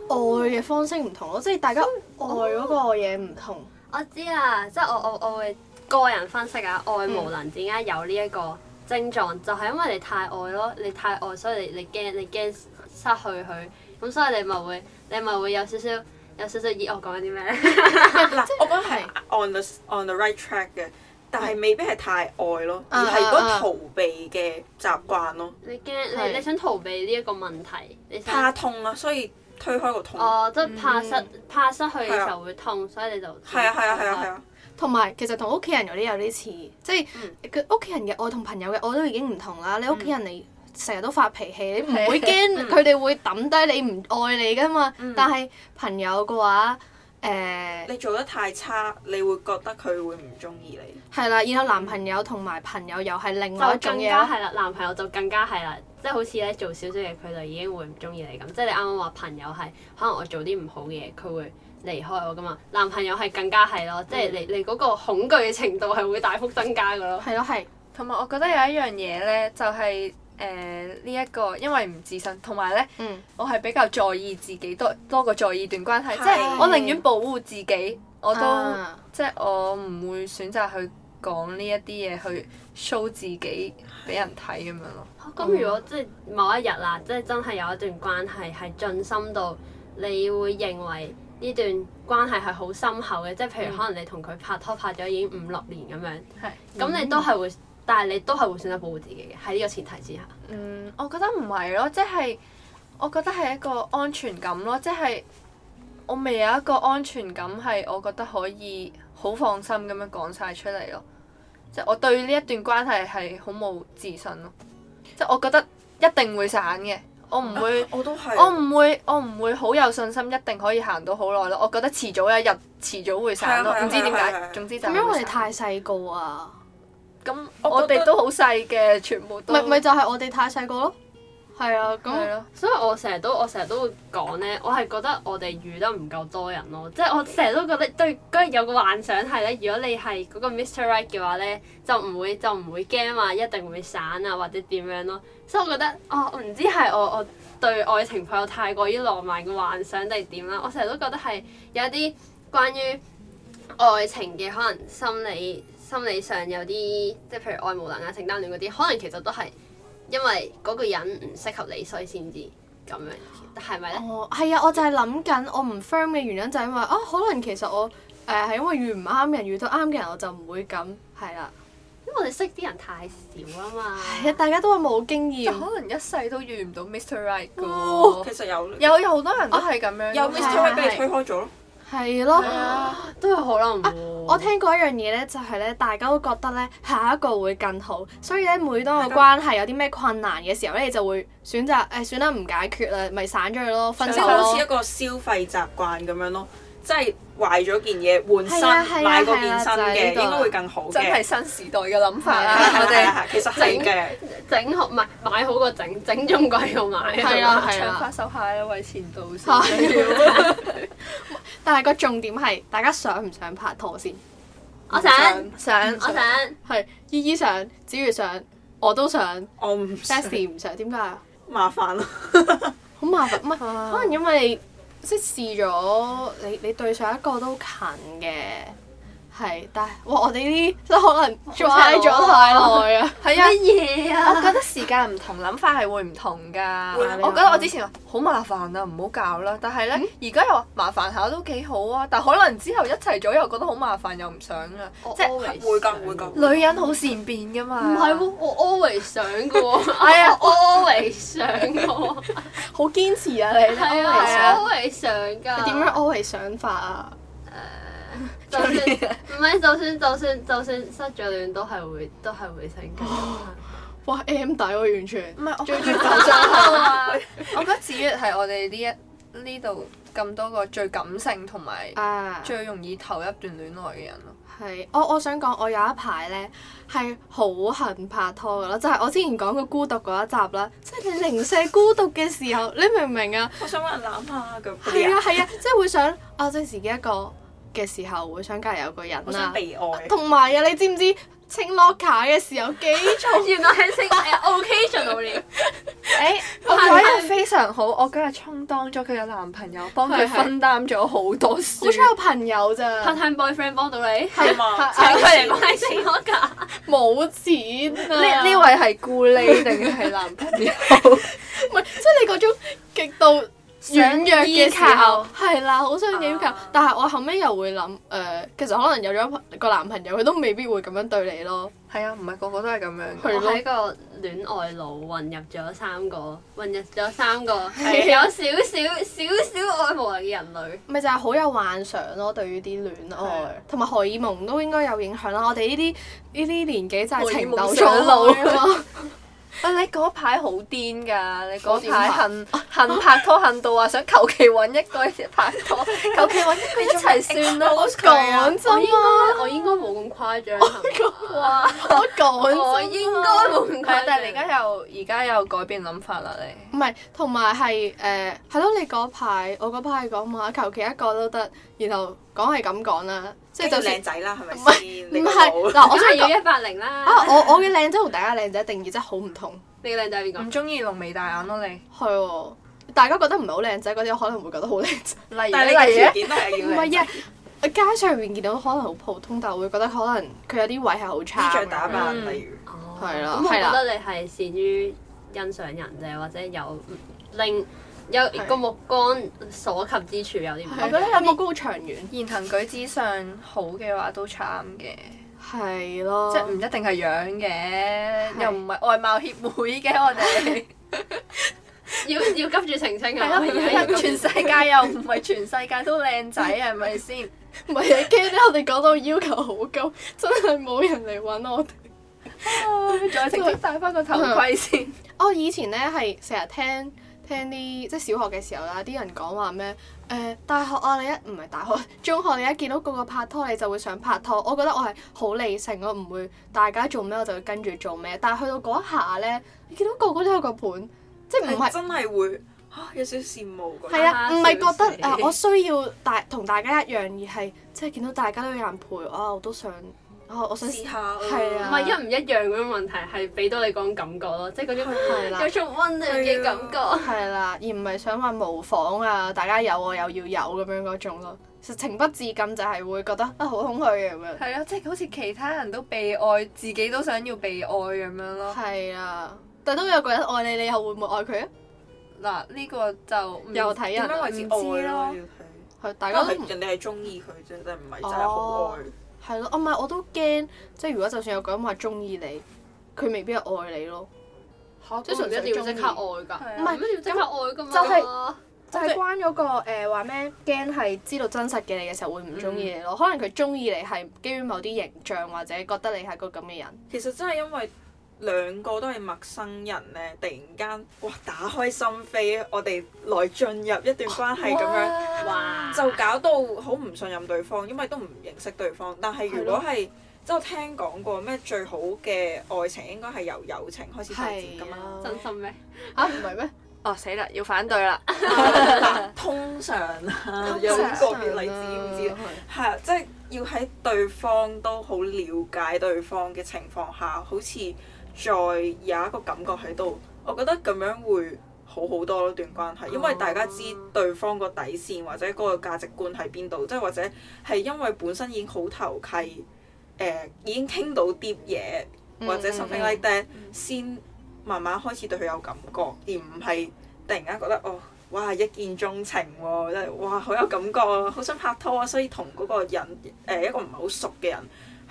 愛嘅方式唔同咯，即係大家愛嗰個嘢唔同。我知啊，即係我我我會個人分析啊，愛無能點解有呢一個症狀，嗯、就係因為你太愛咯，你太愛所以你你驚你驚失去佢，咁所以你咪會你咪會有少少。有少少熱我、 啊，我講啲咩咧？嗱，我覺得係 on the on the right track 嘅，但係未必係太愛咯，而係如果逃避嘅習慣咯。Uh, uh, uh. 你驚你你想逃避呢一個問題，你怕痛啦、啊，所以推開個痛。哦，oh, 即係怕失、嗯、怕失去嘅時候會痛，啊、所以你就係啊係啊係啊係啊！同埋、啊啊啊、其實同屋企人有啲有啲似，即係佢屋企人嘅愛同朋友嘅愛都已經唔同啦。你屋企人你。嗯成日都發脾氣，你唔會驚佢哋會抌低你唔愛你噶嘛？嗯、但係朋友嘅話，誒、呃，你做得太差，你會覺得佢會唔中意你。係啦，然後男朋友同埋朋友又係另外一種嘢。係啦，男朋友就更加係啦，即、就、係、是、好似咧做少少嘢，佢就已經會唔中意你咁。即、就、係、是、你啱啱話朋友係，可能我做啲唔好嘅嘢，佢會離開我噶嘛？男朋友係更加係咯，即係、嗯、你你嗰個恐懼嘅程度係會大幅增加噶咯。係咯，係。同埋我覺得有一樣嘢咧，就係、是。誒呢、呃、一個因為唔自信，同埋咧，嗯、我係比較在意自己多多過在意段關係，是即係我寧願保護自己，我都、啊、即係我唔會選擇去講呢一啲嘢去 show 自己俾人睇咁樣咯。咁是、嗯、如果即係某一日啦，即係真係有一段關係係進深到，你會認為呢段關係係好深厚嘅，即係譬如可能你同佢拍拖拍咗已經五六年咁樣，咁是你都係會。但係你都係會選擇保護自己嘅，喺呢個前提之下。嗯，我覺得唔係咯，即係我覺得係一個安全感咯，即係我未有一個安全感係，我覺得可以好放心咁樣講晒出嚟咯。即係我對呢一段關係係好冇自信咯。即係我覺得一定會散嘅，我唔會，我都係，我唔會，我唔會好有信心，一定可以行到好耐咯。我覺得遲早有一日，遲早會散咯。唔知點解，總之就因為你太細個啊。咁我哋都好細嘅，全部都唔係唔係就係我哋太細個咯，係啊，咁所以我成日都我成日都會講咧，我係覺得我哋遇得唔夠多人咯，即係我成日都覺得對，嗰日有個幻想係咧，如果你係嗰個 Mr. Right 嘅話咧，就唔會就唔會驚啊，一定會散啊或者點樣咯，所以我覺得哦唔知係我我對愛情抱有太過於浪漫嘅幻想定係點啦，我成日都覺得係有一啲關於愛情嘅可能心理。心理上有啲，即係譬如愛無能啊、性單戀嗰啲，可能其實都係因為嗰個人唔適合你，所以先至咁樣。但係咪咧？哦，係啊，我就係諗緊我唔 firm 嘅原因就係、是、因為啊，可能其實我誒係、呃、因為遇唔啱人，遇到啱嘅人我就唔會咁係啦。啊、因為我哋識啲人太少啊嘛，係 啊，大家都冇經驗，就可能一世都遇唔到 Mr Right 嘅、哦。其實有有好多人都係咁樣、啊，有 Mr Right 俾你推開咗。係咯，啊、都有可能、啊。我聽過一樣嘢咧，就係、是、咧，大家都覺得咧，下一個會更好，所以咧，每當個關係有啲咩困難嘅時候咧，的你就會選擇誒算啦，唔、哎、解決啦，咪散咗佢咯，分手咯。就好似一個消費習慣咁樣咯。即係壞咗件嘢換新，買個件新嘅應該會更好嘅。真係新時代嘅諗法啦，我哋其實整嘅。整好，唔係買好個整整，仲貴過買。係啊係啊，手快收下啦，為前途先。但係個重點係大家想唔想拍拖先？我想，想，我想。係，依依想，子瑜想，我都想。我唔，Sassy 唔想，點解啊？麻煩咯，好麻煩乜？可能因為。即試咗，你你對上一個都近嘅。係，但係哇，我哋呢啲都可能嘥咗太耐啊！係啊，乜嘢啊？我覺得時間唔同，諗法係會唔同㗎。我覺得我之前話好麻煩啊，唔好搞啦。但係咧，而家又話麻煩下都幾好啊。但可能之後一齊咗又覺得好麻煩，又唔想啊。即係會㗎，會㗎。女人好善變㗎嘛。唔係喎，我 always 想嘅。哎呀，always 想㗎。好堅持啊！你 always 想㗎。你點樣 always 想法啊？唔係，就算就算就算失咗戀都係會都係會情感。哇，M 底喎、啊喔，完全。唔係我最頭像啊！我覺得子月係我哋呢一呢度咁多個最感性同埋最容易投一段戀愛嘅人咯。係，我我想講，我有一排咧係好恨拍拖噶咯，就係我之前講過孤獨嗰一集啦。即係你零舍孤獨嘅時候，你明唔明啊？我想揾人攬下咁。係啊係啊，即係會想啊，剩自己一個。嘅時候會想隔籬有個人啦，被愛，同埋啊，你知唔知清 lock 卡嘅時候幾重？ 原來係清誒 occasion 了。誒，我今日非常好，我今日充當咗佢嘅男朋友，幫佢分擔咗 好多事。好彩有朋友咋？part time boyfriend 幫到你係嘛？ 請佢嚟買清 lock 卡，冇 錢啊！呢呢 位係咕喱定係男朋友？唔係，所以你嗰種極度。軟弱嘅時候係啦，好想依靠，uh, 但係我後尾又會諗誒、呃，其實可能有咗個男朋友，佢都未必會咁樣對你咯。係啊，唔係個個都係咁樣。佢喺了個戀愛腦混入咗三個，混入咗三個係 有少少少少愛無能嘅人類。咪就係好有幻想咯，對於啲戀愛同埋、啊、荷爾蒙都應該有影響啦。我哋呢啲呢啲年紀就係情竇初開。 啊！你嗰排好癲噶，你嗰排恨恨行拍拖，恨 到話想求其揾一個一齊拍拖，求其揾一個一齊算啦！講 真啊，我應該冇咁 誇張。 我講 我應該冇咁誇張。 但係你而家又而家 又，又改變諗法啦，你？唔係，同埋係誒，係咯？你嗰排我嗰排講話求其一個都得，然後講係咁講啦。即係就靚仔啦，係咪先？唔係，嗱，我真係要一百零啦。啊，我我嘅靚仔同大家靚仔定義真係好唔同。你嘅靚仔係邊個？唔中意濃眉大眼咯，啊，你。係喎，哦，大家覺得唔係好靚仔嗰啲，可能會覺得好靚仔。例如咧？唔係啊！喺街上面見到可能好普通， 但係會覺得可能佢有啲位係好差。衣著打扮，例如。嗯、哦。係啦。咁我覺得你係善於欣賞人啫，或者有令。有個目光所及之處有啲，唔同的。我覺得有目光好長遠。言行舉止上好嘅話都差唔嘅，係咯的。即係唔一定係樣嘅，的又唔係外貌協會嘅我哋的。 要要急住澄清啊！就是、全世界又唔係全世界都靚仔啊？係咪先？唔係啊！驚我哋講到要求好高，真係冇人嚟揾我哋。仲、 啊、有澄清戴翻個頭盔先。嗯、我以前咧係成日聽。聽啲即係小學嘅時候啦，啲人講話咩？誒、呃、大學啊，你一唔係大學，中學你一,一見到一個個拍拖，你就會想拍拖。我覺得我係好理性，我唔會大家做咩我就跟住做咩。但係去到嗰一下咧，你見到個個都有個伴，即係唔係真係會嚇、啊、有少少羨慕嗰？係啊，唔係、啊、覺得啊， uh, 我需要大同大家一樣，而係即係見到大家都有人陪啊，我都想。我想試下，唔係一唔一樣咁樣問題，係俾到你嗰種感覺咯，即係嗰種有種溫暖嘅感覺，而唔係想話模仿啊，大家有我又要有咁樣嗰種咯。其實情不自禁就係會覺得啊，好空虛咁樣。係啊，即係好似其他人都被愛，自己都想要被愛咁樣咯。係啊，但係都有個人愛你，你又會唔會愛佢啊？嗱，呢個就點樣開始愛咯？大家都人哋係中意佢啫，但唔係真係好愛。係咯，我唔係，我都驚，即係如果就算有個人話中意你，佢未必係愛你咯。即係純粹要即刻愛㗎，唔係要即刻愛㗎嘛。就係就係關咗個誒，話咩驚係知道真實嘅你嘅時候會唔中意你咯？可能佢中意你係基於某啲形象或者覺得你係個咁嘅人。其實真係因為。兩個都係陌生人咧，突然間哇打開心扉，我哋來進入一段關係咁樣，就搞到好唔信任對方，因為都唔認識對方。但係如果係即了我聽講過咩最好嘅愛情應該係由友情開始發展咁啊？真心咩？啊唔係咩？ 哦死啦要反對啦！通常啊，有個別例子知唔知係，啊對， 即係要喺對方都好了解對方嘅情況下，好似。再有一個感覺喺度，我覺得咁樣會好好多咯。段關係，因為大家知對方個底線或者嗰個價值觀喺邊度，即係或者係因為本身已經好投契，誒、呃、已經傾到啲嘢或者 something like that，、mm hmm. 先慢慢開始對佢有感覺，而唔係突然間覺得哦，哇一見鍾情喎、啊，真係哇好有感覺啊，好想拍拖啊，所以同嗰個人誒、呃、一個唔係好熟嘅人。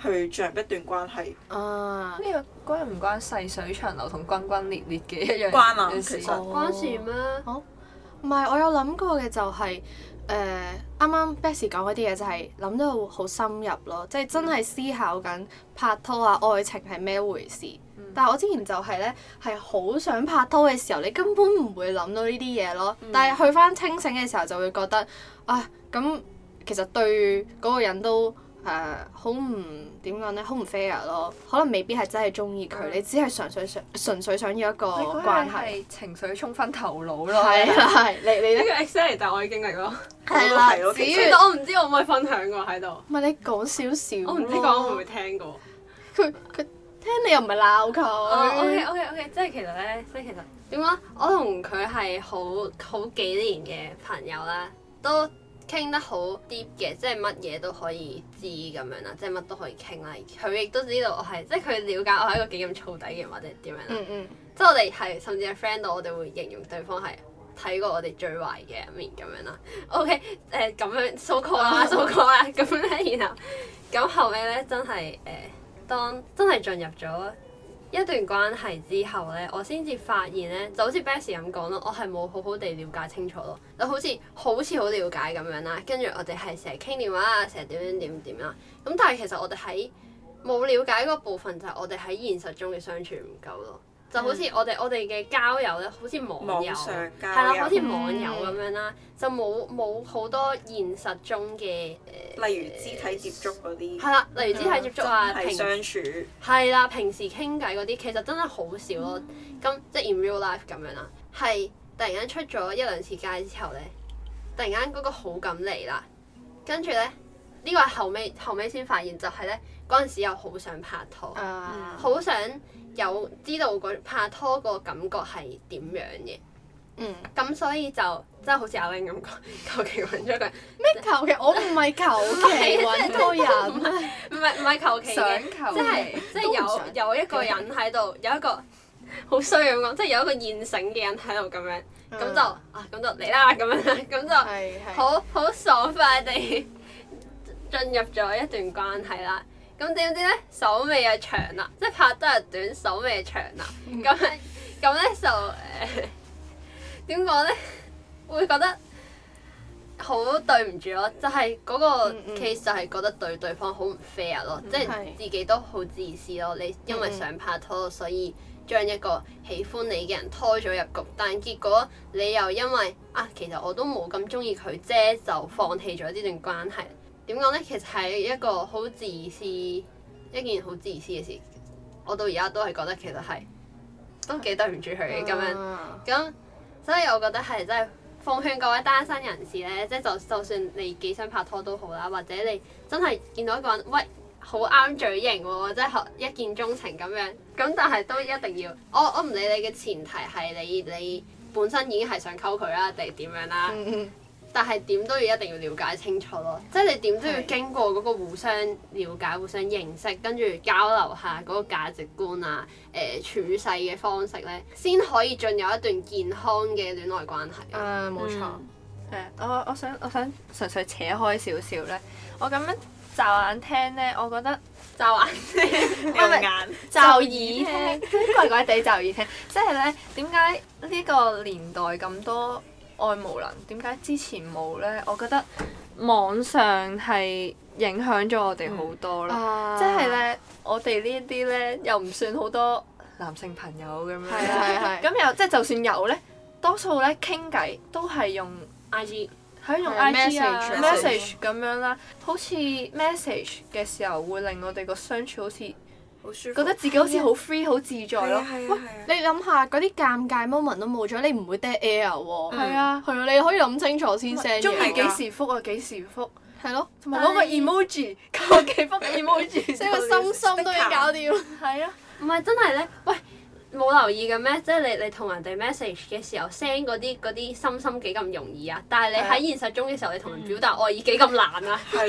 去像一段關係啊？呢個關唔關細水長流同轟轟烈烈嘅一樣關啊？其實關事咩？哦，唔係、哦，我有諗過嘅就係、是、誒，啱、呃、啱 Bess 講嗰啲嘢就係諗到好深入咯，即、就、係、是、真係思考緊拍拖啊、愛情係咩回事。嗯、但係我之前就係、是、呢，係好想拍拖嘅時候，你根本唔會諗到呢啲嘢咯。嗯、但係去翻清醒嘅時候就會覺得啊，咁其實對嗰個人都。誒好唔點講咧，好唔 fair 咯，air, 可能未必係真係中意佢，對你只係純粹想純粹想要一個是關係，情緒衝昏頭腦咯，係啦， 你你呢個 exactly，但係我已經歷咯，係 啦的，我唔於知我可唔可以分享過喺度，唔係你講少少，我唔知講會唔會聽過，佢佢聽你又唔係鬧佢，OK OK OK，即係其實咧，即係其實點講，我同佢係好好幾年嘅朋友啦，都。傾得好 deep 嘅，即係乜嘢都可以知咁樣啦，即係乜都可以傾啦。佢亦都知道我係，即係佢瞭解我係一個幾咁燥底嘅人或者點樣啦。嗯，嗯即係我哋係甚至係 friend 到我哋會形容對方係睇過我哋最壞嘅面咁樣啦。OK，誒、呃、咁樣 so cool 啊，so cool 啊，咁、so、咧 然後咁後尾咧真係誒、呃、當真係進入咗。一段關係之後咧，我先至發現咧，就好似 Bex 咁講咯，我係冇好好地了解清楚咯，就好似好似好了解咁樣啦，跟住我哋係成日傾電話啊，成日點樣點點啦，咁但係其實我哋喺冇了解嗰部分就係、是、我哋喺現實中嘅相處唔夠咯。就好似我哋、嗯、我哋嘅交友咧，好似網友係啦，好似網友咁樣啦，嗯、就冇冇好多現實中嘅，呃、例如肢體接觸嗰啲，係啦，例如肢體接觸啊，平、嗯、相處，係啦，平時傾偈嗰啲，其實真係好少咯。咁即係 in real life 咁樣啦，係突然間出咗一兩次街之後咧，突然間嗰個好感嚟啦，跟住咧呢、呢個係後尾後尾先發現就呢，就係咧嗰陣時又好想拍拖，好、嗯 uh. 想。有知道拍拖個感覺係點樣嘅？嗯，咁所以就即係好似阿玲咁講，求其揾咗佢。咩？求其，我唔係求其揾個人，唔係唔係求其嘅，即係即係有有一個人喺度，有一個好衰咁講，即係、即係、有一個現成嘅人喺度咁樣，咁、嗯、就啊咁就嚟啦咁樣，咁 就好好爽快地進入咗一段關係啦。咁點知咧手尾又長啦、啊，即係拍得又短，手尾長啦、啊。咁 樣咁咧就誒點講咧？會覺得好對唔住咯，就係、係、嗰個 case 就係覺得對對方好唔 fair 咯，嗯嗯，即係自己都好自私咯。你因為想拍拖，所以將一個喜歡你嘅人拖咗入局，但結果你又因為啊，其實我都冇咁中意佢啫，就放棄咗呢段關係。點講咧？其實係一個好自私，一件好自私嘅事。我到而家都係覺得其實係都幾對唔住佢嘅咁樣。咁所以我覺得係真係奉勸各位單身人士咧，即係就就算你幾想拍拖都好啦，或者你真係見到一個人，喂，好啱嘴型喎、哦，即係一見鍾情咁樣。咁但係都一定要，我我唔理你嘅前提係你你本身已經係想溝佢啦，定係點樣啦、啊？ 但係點都要一定要了解清楚咯， 即係你點都要經過嗰個互相了解、的互相認識，跟住交流下嗰個價值觀啊、誒處世嘅方式咧，先可以進入一段健康嘅戀愛關係。啊、嗯嗯，冇錯。誒，我我想我想純粹扯開少少咧，我咁樣驟眼聽咧，我覺得驟眼 是 聽唔係驟耳 聽，怪怪地驟耳聽，即係咧點解呢個年代咁多？愛無能點解之前冇咧？我覺得網上係影響咗我哋好多啦，即係咧我哋呢啲咧又唔算好多男性朋友咁樣，咁又即係就算有咧，多數咧傾偈都係用 IG，係用 IG 啊 message 咁樣啦，好似 message 嘅時候會令我哋個相處好似。覺得自己好似好 free 好自在咯，喂，你諗下嗰啲尷尬 moment 都冇咗，你唔會 dead air 喎。係啊，係啊，你可以諗清楚先 send。中意幾時覆啊幾時覆？係咯，同埋嗰個 emoji 求祈覆？emoji 即係個心心都要搞掂。係啊，唔係真係咧，喂。冇留意嘅咩？即係你你同人哋 message 嘅時候 send 嗰啲嗰啲心心幾咁容易啊！但係你喺現實中嘅時候，的你同人表達愛意幾咁難啊！的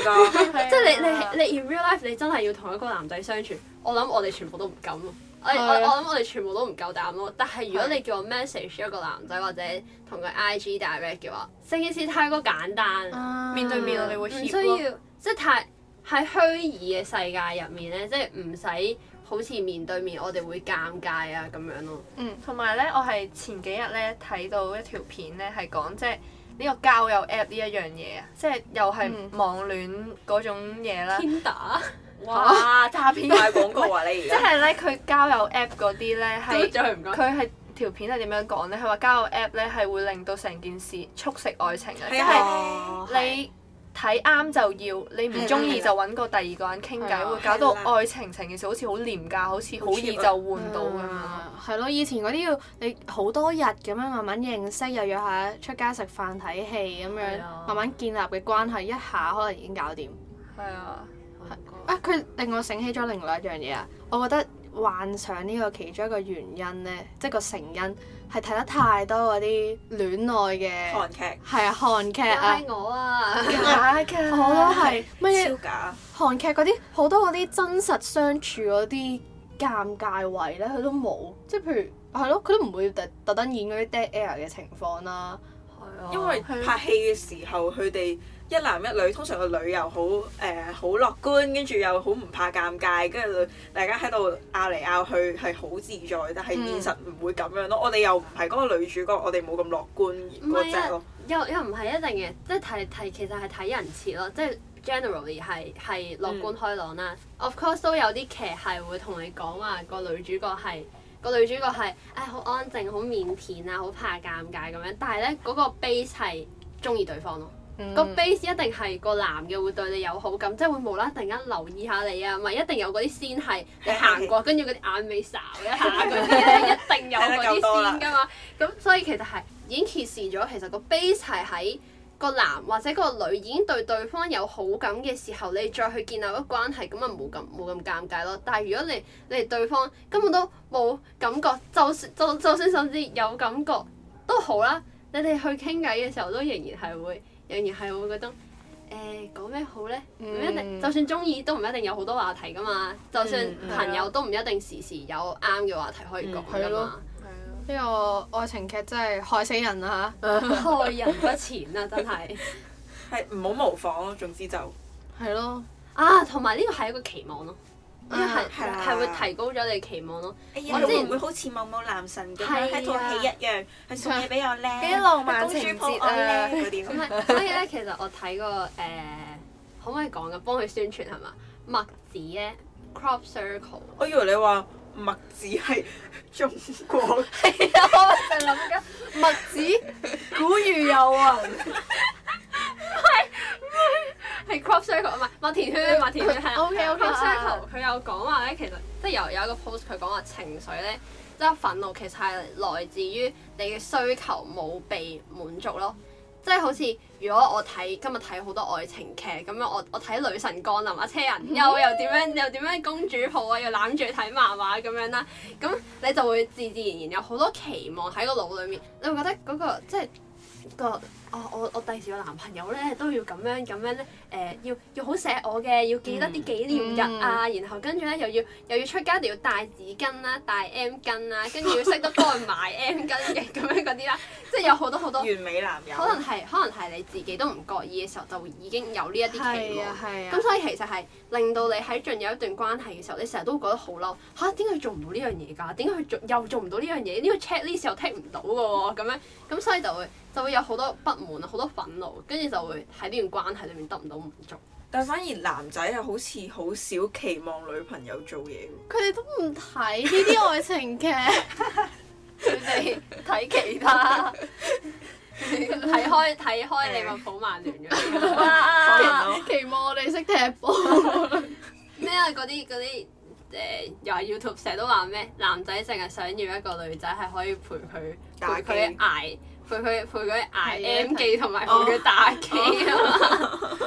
即係你你你，你 in real life 你真係要同一個男仔相處，我諗我哋全部都唔敢啊的！我我我諗我哋全部都唔夠膽咯。但係如果你叫我 message 一個男仔或者同佢 IG direct 嘅話，成件事太過簡單，uh, 面對面我哋會。唔需要，即係太喺虛擬嘅世界入面咧，即係唔使。好似面對面我哋會尷尬啊咁樣咯。嗯，同埋咧，我係前幾日咧睇到一條片咧，係講即係呢個交友 App 呢一樣嘢啊，即係又係網戀嗰種嘢啦。嗯、天打。哇！詐騙賣廣告啊！你而家。即係咧，佢 交友 App 嗰啲咧係，佢係條片係點樣講咧？佢話交友 App 咧係會令到成件事促成愛情嘅，即係的你。睇啱就要，你唔中意就揾個第二個人傾偈，會搞到愛情成件事好似好廉價，好似好易就換到咁樣。係咯，以前嗰啲要你好多日咁樣慢慢認識，又約下出街食飯睇戲咁樣，慢慢建立嘅關係，一下可能已經搞掂。係啊，啊佢令我醒起咗另外一樣嘢啊！我覺得幻想呢個其中一個原因呢，即係個成因。係睇得太多嗰啲戀愛嘅，韓劇，係啊，韓劇啊，我啊， 假㗎、啊， 我都係咩嘢？韓劇嗰啲好多嗰啲真實相處嗰啲尷尬位咧，佢都冇，即係譬如係咯，佢都唔會特特登演嗰啲 dead air 嘅情況啦。係啊，因為拍戲嘅時候佢哋。的一男一女，通常個女又好誒好樂觀，跟住又好唔怕尷尬，跟住大家喺度拗嚟拗去係好自在，但係現實唔會咁樣咯。嗯、我哋又唔係嗰個女主角，我哋冇咁樂觀嗰隻咯。又又唔係一定嘅，即係睇睇其實係睇人設咯，即係 generally 係係樂觀開朗啦。嗯、Of course 都有啲劇係會同你講話個女主角係、嗰個女主角係誒好安靜、好腼腆啊、好怕尷尬咁樣，但係咧嗰個 base 係中意對方咯。個 base、嗯、一定係個男嘅會對你有好感，即、就、係、係、會無啦突然間留意下你啊，咪一定有嗰啲線係你行過，跟住嗰啲眼尾睄一下， 一定有嗰啲線㗎嘛。咁所以其實係已經揭示咗，其實個 base 係喺個男或者個女已經對對方有好感嘅時候，你再去建立一個關係，咁咪冇咁冇咁尷尬咯。但係如果你你哋對方根本都冇感覺，就算就就,就,就,就,就算甚至有感覺都好啦，你哋去傾偈嘅時候都仍然係會。仍然係會覺得，誒講咩好咧？唔、嗯、一定，就算中意都唔一定有好多話題噶嘛。就算朋友都唔一定時時有啱嘅話題可以講噶嘛。係咯，呢、嗯、個愛情劇真係害死人啊！ 害人不淺啊！真係係唔好模仿咯。總之就係咯。了啊，同埋呢個係一個期望咯、啊。嗯、因為係係、啊、會提高咗你期望咯，哎、呀我之前會，會好似某某男神咁，喺套、啊、戲一樣，係啲嘢比較靚嘅浪漫公主情節咧、啊。唔係種， 所以咧其實我睇過誒，可唔可以講㗎？幫佢宣傳係嘛？墨子咧，Crop Circle。我以為你話墨子係。 中國係啊， 我咪係諗緊墨子，古語有云，唔係唔係，係 crop circle 唔係麥田犬，麥 田圈係啊。OK OK，crop circle 佢有講話咧，其實即係有有一個 post 佢講話情緒咧，即係憤怒其實係來自於你嘅需求冇被滿足咯。即係好似如果我睇今日睇好多愛情劇咁樣，我我睇女神降臨啊，車人又 又點樣又點樣公主抱啊，又攬住睇漫畫咁樣啦，咁你就會自自然然有好多期望喺個腦裏面，你會覺得嗰個即係個。哦，我我第時個男朋友咧都要咁樣咁樣咧，誒、呃、要要好錫我嘅，要記得啲紀念日啊，嗯嗯、然後跟住咧又要又要出街一定要帶紙巾啦、啊，帶 M 巾啦、啊，跟住要識得幫佢買 M 巾嘅咁 樣嗰啲啦，即係有好多好多。完美男人，可能係可能係你自己都唔覺意嘅時候，就已經有呢一啲期望。係啊咁、啊、所以其實係令到你喺進入一段關係嘅時候，你成日都會覺得好嬲，嚇點解佢做唔到呢樣嘢㗎？點解佢做又做唔到呢樣嘢？呢、這個 check list 又聽唔到嘅喎，咁樣咁所以就會就會，就會有好多不。好多憤怒，跟住就會喺呢段關係裏面得唔到滿足。但係反而男仔係好似好少期望女朋友做嘢，佢哋都唔睇呢啲愛情劇，佢哋睇其他，他，睇開睇開你咪好曼聯嘅， 期望我哋識踢波咩 啊？嗰啲嗰啲誒、呃、又話 YouTube 成日都話咩？男仔成日想要一個女仔係可以陪佢陪佢捱棋。陪佢陪佢挨 M 記同埋陪佢打機啊嘛！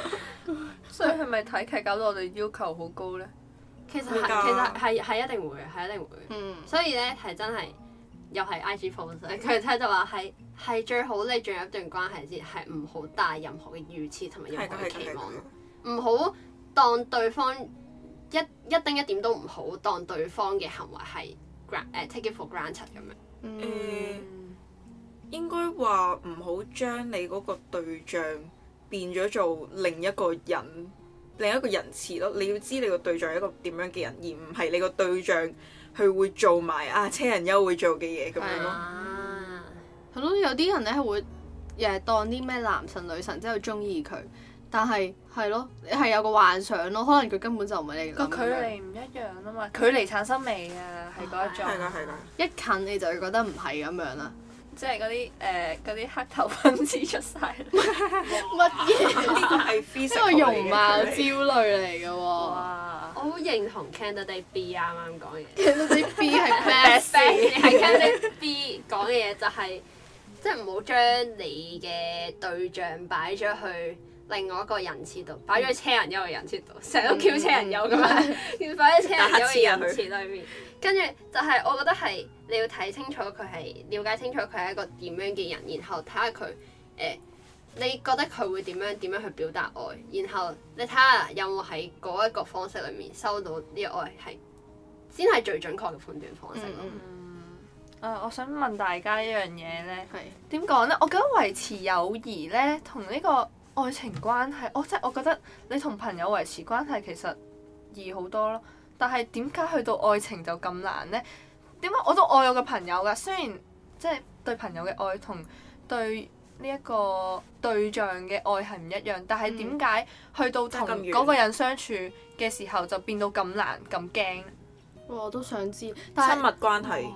所以係咪睇劇搞到我哋要求好高咧？ 其實係其實係係一定會係一定會。嗯。所以咧係真係又係 IG post 佢睇就話係，係最好你仲有一段關係先，係唔好帶任何嘅預設同埋任何嘅期望咯。唔好當對方一一丁一點都唔好當對方嘅行為係 grant 誒、uh, take it for granted 咁樣。嗯。嗯應該話唔好將你嗰個對象變咗做另一個人，另一個人設咯。你要知你個對象係一個點樣嘅人，而唔係你個對象佢會做埋啊，車人優會做嘅嘢咁樣咯。係咯、啊嗯，有啲人咧係會誒當啲咩男神女神之後中意佢，但係係咯，你係有個幻想咯。可能佢根本就唔係你個距離唔一樣啊嘛，距離產生美啊，係嗰一種。係啦，係啦。一近你就會覺得唔係咁樣啦。即係嗰啲誒嗰啲黑頭粉刺出曬 麼，乜嘢？呢個係 facial 呢個容貌焦慮嚟㗎喎。我好認同 Candidate B 啱啱講嘢。Candidate B 係咩聲？係 Candidate B 講嘅嘢就係，即係唔好將你嘅對象擺出去。另外一個人設度擺咗車人友嘅人設度，成日都叫車人友咁樣，要擺喺、嗯嗯、 車人友嘅人設裏面。跟住 就係我覺得係你要睇清楚佢係了解清楚佢係一個點樣嘅人，然後睇下佢誒，你覺得佢會點樣點樣去表達愛，然後你睇下有冇喺嗰一個方式裏面收到呢個愛，係先係最準確嘅判斷方式咯。嗯、呃，我想問大家一樣嘢咧，點講咧？我覺得維持友誼咧，同呢、呢個。愛情關係，我、哦、即係我覺得你同朋友維持關係其實易好多咯，但係點解去到愛情就咁難呢？點解我都愛我嘅朋友㗎？雖然即係對朋友嘅愛同對呢一個對象嘅愛係唔一樣，但係點解去到同嗰個人相處嘅時候就變到咁難咁驚？哇！我都想知，但係親密關係，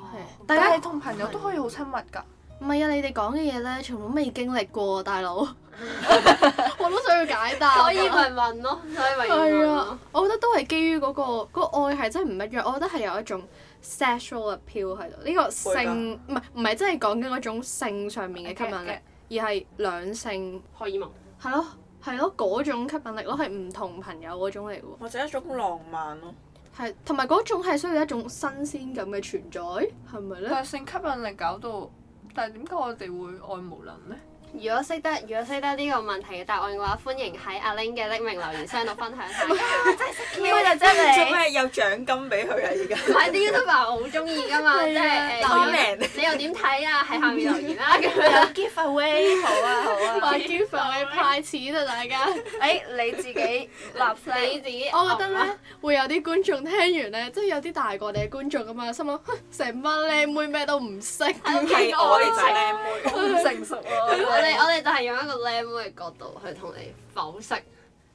但係同朋友都可以好親密㗎。唔係啊！你哋講嘅嘢咧，全部都未經歷過，大佬， 我都想要解答，所 以咪問咯，所以咪問，問。係啊，我覺得都係基於嗰個嗰個愛係真係唔一樣。我覺得係有一種 sexual appeal 喺度，呢個性唔係唔係真係講緊嗰種性上面嘅吸引力，而係兩性荷爾蒙。係咯，係咯，嗰種吸引力咯，係唔同朋友嗰種嚟喎。或者一種浪漫咯。係，同埋嗰種係需要一種新鮮感嘅存在，係咪咧？性吸引力搞到～但係點解我哋會愛無能咧？如果識得，如果識得呢個問題嘅答案嘅話，歡迎喺阿 Link 嘅匿名留言箱度分享下。真係識 Q 就真係。做咩有獎金俾佢啊？而家。唔係啲 YouTube 我好中意㗎嘛？即係你又點睇啊？喺下面留言啦，咁樣。give away。好啊，好啊。give away 派錢啊！大家。誒，你自己立 flag 自己。我覺得咧，會有啲觀眾聽完咧，即係有啲大過我哋嘅觀眾㗎嘛，心諗成班靚妹咩都唔識，點睇愛情？好成熟喎。 我哋我哋就係用一個靚妹嘅角度去同你剖析，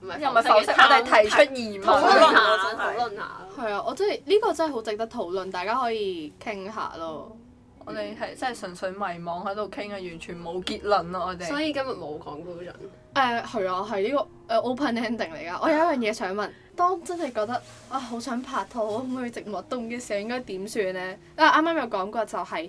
唔係剖析，又是是我哋提出疑問，討論下，討論下。係啊，我真係呢、呢個真係好值得討論，大家可以傾下咯。 我哋係真係純粹迷茫喺度傾啊，完全冇結論啊！我哋 所以今日冇 conclusion 係啊，係呢、uh，呢個、uh, open ending 嚟㗎。我有一樣嘢想問，當真係覺得啊，好想拍拖，唔可以寂寞，到嘅時候應該點算咧？啊，啱啱有講過就係、是。剛剛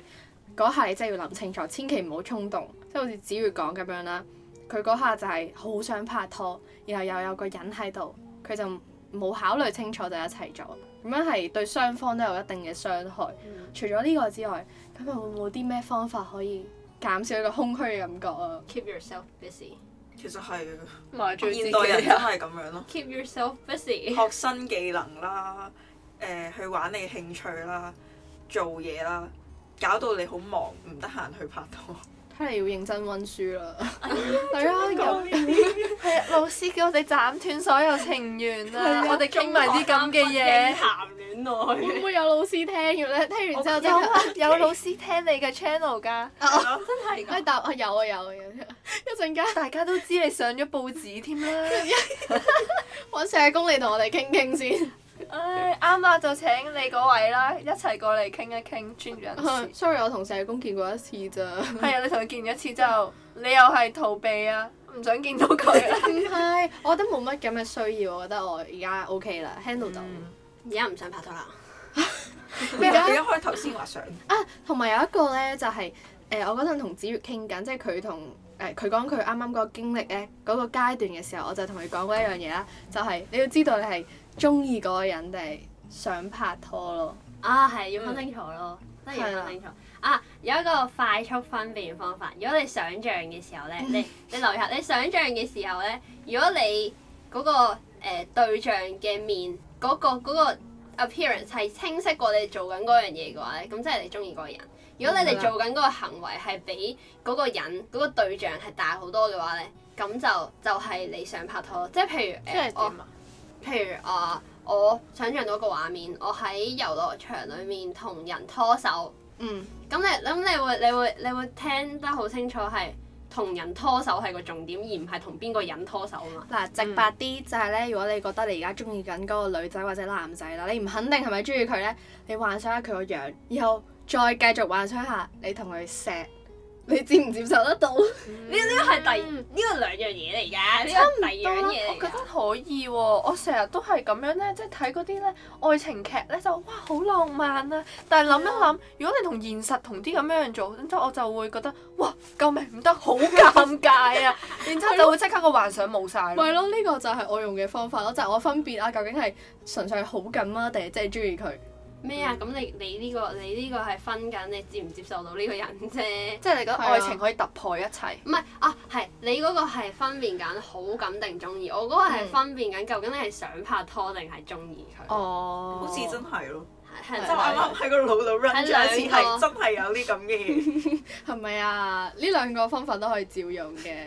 嗰下你真係要諗清楚，千祈唔好衝動，即係好似紫月講咁樣啦。佢嗰下就係好想拍拖，然後又有個人喺度，佢就冇考慮清楚就一齊咗，咁樣係對雙方都有一定嘅傷害。嗯、除咗呢個之外，咁又會冇啲咩方法可以減少一個空虛嘅感覺啊？Keep yourself busy，其實係啊， 現代人都係咁樣咯。Keep yourself busy，學新技能啦，誒、呃，去玩你嘅興趣啦，做嘢啦。搞到你好忙，唔得閒去拍拖。睇嚟要認真温書啦。係啊、 嗯，係啊 老師叫我哋斬斷所有情緣啊！ 嗯嗯嗯嗯、我哋傾埋啲咁嘅嘢。談戀愛。嗯、會唔會有老師聽嘅咧？聽完之後就有真有老師聽你嘅 channel 㗎。係咯，真係。一答、 嗯、啊，有啊有啊。一陣間大家都知你上咗報紙添啦。揾社工嚟同我哋傾傾先。唉，啱啊，就請你嗰位啦，一齊過嚟傾一傾專業人士。嗯、Sorry，我同社工見過一次咋。係啊， 你同佢見一次之後，你又係逃避啊，唔想見到佢。唔係， 我覺得冇乜咁嘅需要，我覺得我而家 OK 啦，handle 到。而家唔想拍拖啦。而家開頭先話想。啊，同埋、 啊、有一個咧，就係、是、誒、呃，我嗰陣同子月傾緊，即係佢同誒佢講佢啱啱嗰個經歷咧，嗰、那個階段嘅時候，我就同佢講過一樣嘢啦，就係、是、你要知道你係。中意嗰個人定係想拍拖咯？啊，係要分清楚咯，真係要分清楚。啊，有一個快速分辨方法。如果你想像嘅時候咧， 你你留意下你想像嘅時候咧，如果你嗰、嗰個誒、呃、對象嘅面嗰個、嗰個、appearance 係清晰過你做緊嗰樣嘢嘅話咧，咁即係你中意嗰個人。如果你哋做緊嗰個行為係比嗰個人嗰、嗰個對象係大好多嘅話咧，咁就就係、係、你想拍拖。即係譬如誒、呃、我。.譬如啊，我想象到個畫面，我喺遊樂場裡面同人拖手。嗯。咁你咁你會你會你會聽得好清楚，係同人拖手係個重點，而唔係同邊個人拖手啊嘛。嗱，直白啲就係咧，如果你覺得你而家中意緊嗰個女仔或者男仔啦，你唔肯定係咪中意佢咧，你幻想下佢個樣，然後再繼續幻想下你同佢錫。你接唔接受得到？呢呢係第呢個兩樣嘢嚟噶，呢個唔一樣嘢。我覺得可以喎、啊，我成日都係咁樣咧，即係睇嗰啲咧愛情劇咧，就哇好浪漫啊！但係諗一諗，的如果你同現實同啲咁樣做，咁就我就會覺得哇，救命，唔得好尷尬啊！ 然之後就會即刻個幻想冇晒。咪咯，呢、這個就係我用嘅方法咯，就係、是、我分辨啊，究竟係純粹好感嗎，定係真係中意佢？咩啊？咁你你呢個你呢個係分緊，你接唔接受到呢個人啫？即係你覺得愛情可以突破一切。唔係，嗯，啊，係，啊，你嗰個係分辨緊好感定鍾意，我嗰個係分辨緊究竟你係想拍拖定係鍾意佢。哦，好似真係咯，係真係啱啱喺個腦度 run 咗一次，係真係有啲咁嘅。係咪啊？呢 嗯 啊兩個方法都可以照用嘅。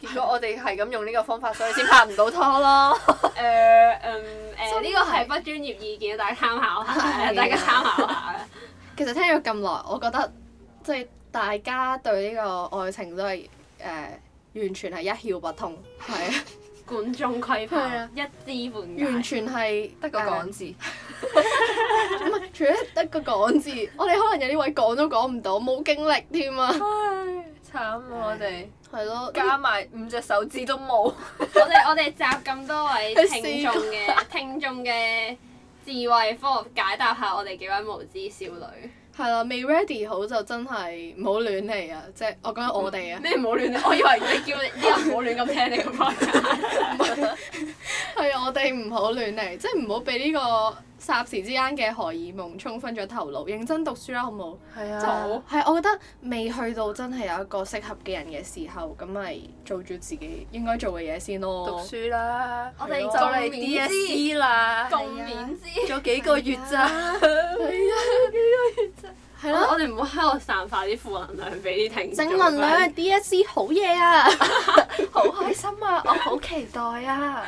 結果我哋係咁用呢個方法，所以先拍唔到拖咯。誒嗯誒，呢個係不專業意見，大家參考下。係啊，大家參考下。 其實聽咗咁耐，我覺得即係大家對呢個愛情都係誒、呃、完全係一竅不通。係啊， 管中窺豹， 一知半解，完全係得個講字。唔係，除咗得個講字，我哋可能有啲位講都講唔到，冇經歷添啊。唉 了，慘啊！我 哋。係對咯加，加埋、嗯、五隻手指都冇。我哋我哋集咁多位聽眾嘅 聽眾嘅智慧科學，解答下我哋幾位無知少女。係啦，未 ready 好就真係唔好亂嚟、即係、啊！即係我講緊我哋啊。你唔好亂嚟，我以為你叫依家唔好亂咁聽你個話題。係啊，我哋唔好亂嚟，即係唔好俾呢個霎時之間嘅荷爾蒙衝昏咗頭腦，認真讀書啦，好唔好？係啊，就好。係、啊、我覺得未去到真係有一個適合嘅人嘅時候，咁咪做住自己應該做嘅嘢先咯。讀書啦，我哋就嚟 DSE 啦，共勉之，做幾個月咋？係啊， 啊幾個月咋？ 啊嗯、我哋唔好喺度散發啲負能量俾啲聽眾。正能量嘅 DSE 好嘢啊！ 好開心啊！我好期待啊！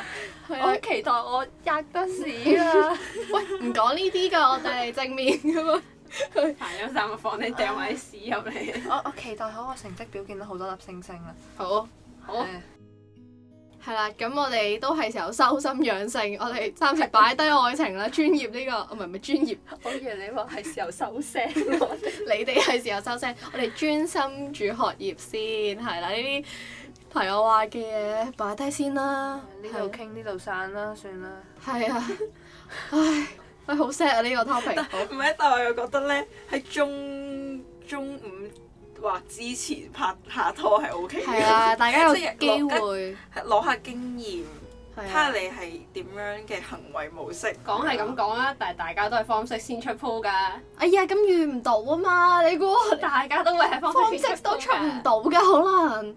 我期待我吔得屎啊！喂，唔講呢啲㗎，我哋正面㗎嘛。佢排咗三個房，你掟埋啲屎入嚟。我我期待下我成績表見到好多粒星星啦、啊。好、啊，好。 係啦，咁我哋都係時候收心養性，我哋暫時擺低愛情啦， 專業呢、呢個唔係唔係專業。 我以為你話係時候收聲， 我哋你哋係時候收聲，我哋專心住學業先，係啦，呢啲朋友話嘅嘢擺低先啦，呢度傾，呢度散啦，算啦。係啊，了 唉，唉、哎呢個、好 sad 啊呢個 topic。唔係，但係我又覺得呢，喺中中五。話之前拍下拖係 O K 嘅，大家有機會攞下經驗，睇下你係點樣嘅行為模式。講係咁講啦，但係大家都係方式先出鋪㗎。哎呀，咁遇唔到啊嘛！你估大家都會係方式？方式都出唔到㗎，可能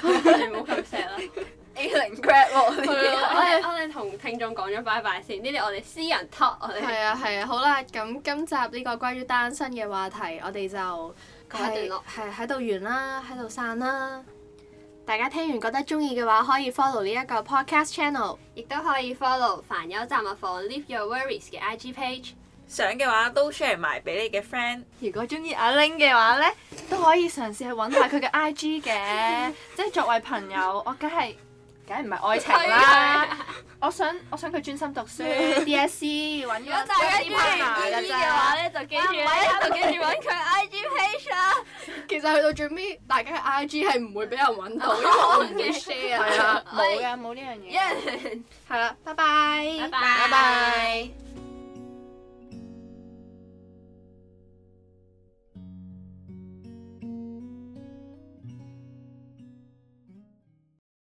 你唔好咁錫啦。A 零 grad，我哋我哋同聽眾講咗拜拜先，呢啲我哋私人 talk。係啊係啊，好啦，咁今集呢個關於單身嘅話題，我哋就～係，係喺度完啦，喺度散啦。大家聽完覺得中意嘅話，可以 follow 呢一個 podcast channel，亦都可以 follow 凡有站物房 Leave Your Worries 嘅 IG page。想嘅話，都 share 埋俾你嘅 friend。如果中意阿 Ling 嘅話咧，都可以嘗試去揾下佢嘅 IG 嘅， 即係作為朋友，我梗係。梗唔係愛情啦的我！我想我想佢專心讀書，D S, 對 C，揾咗大家依嘅話啲嘅話咧就記住、啊啊，記住揾佢 I G page 啦。其實去到最尾，大家嘅 I G 係唔會俾人揾到，因為我 啊。冇嘅，冇呢樣嘢。好了，拜拜，拜拜 bye。Bye bye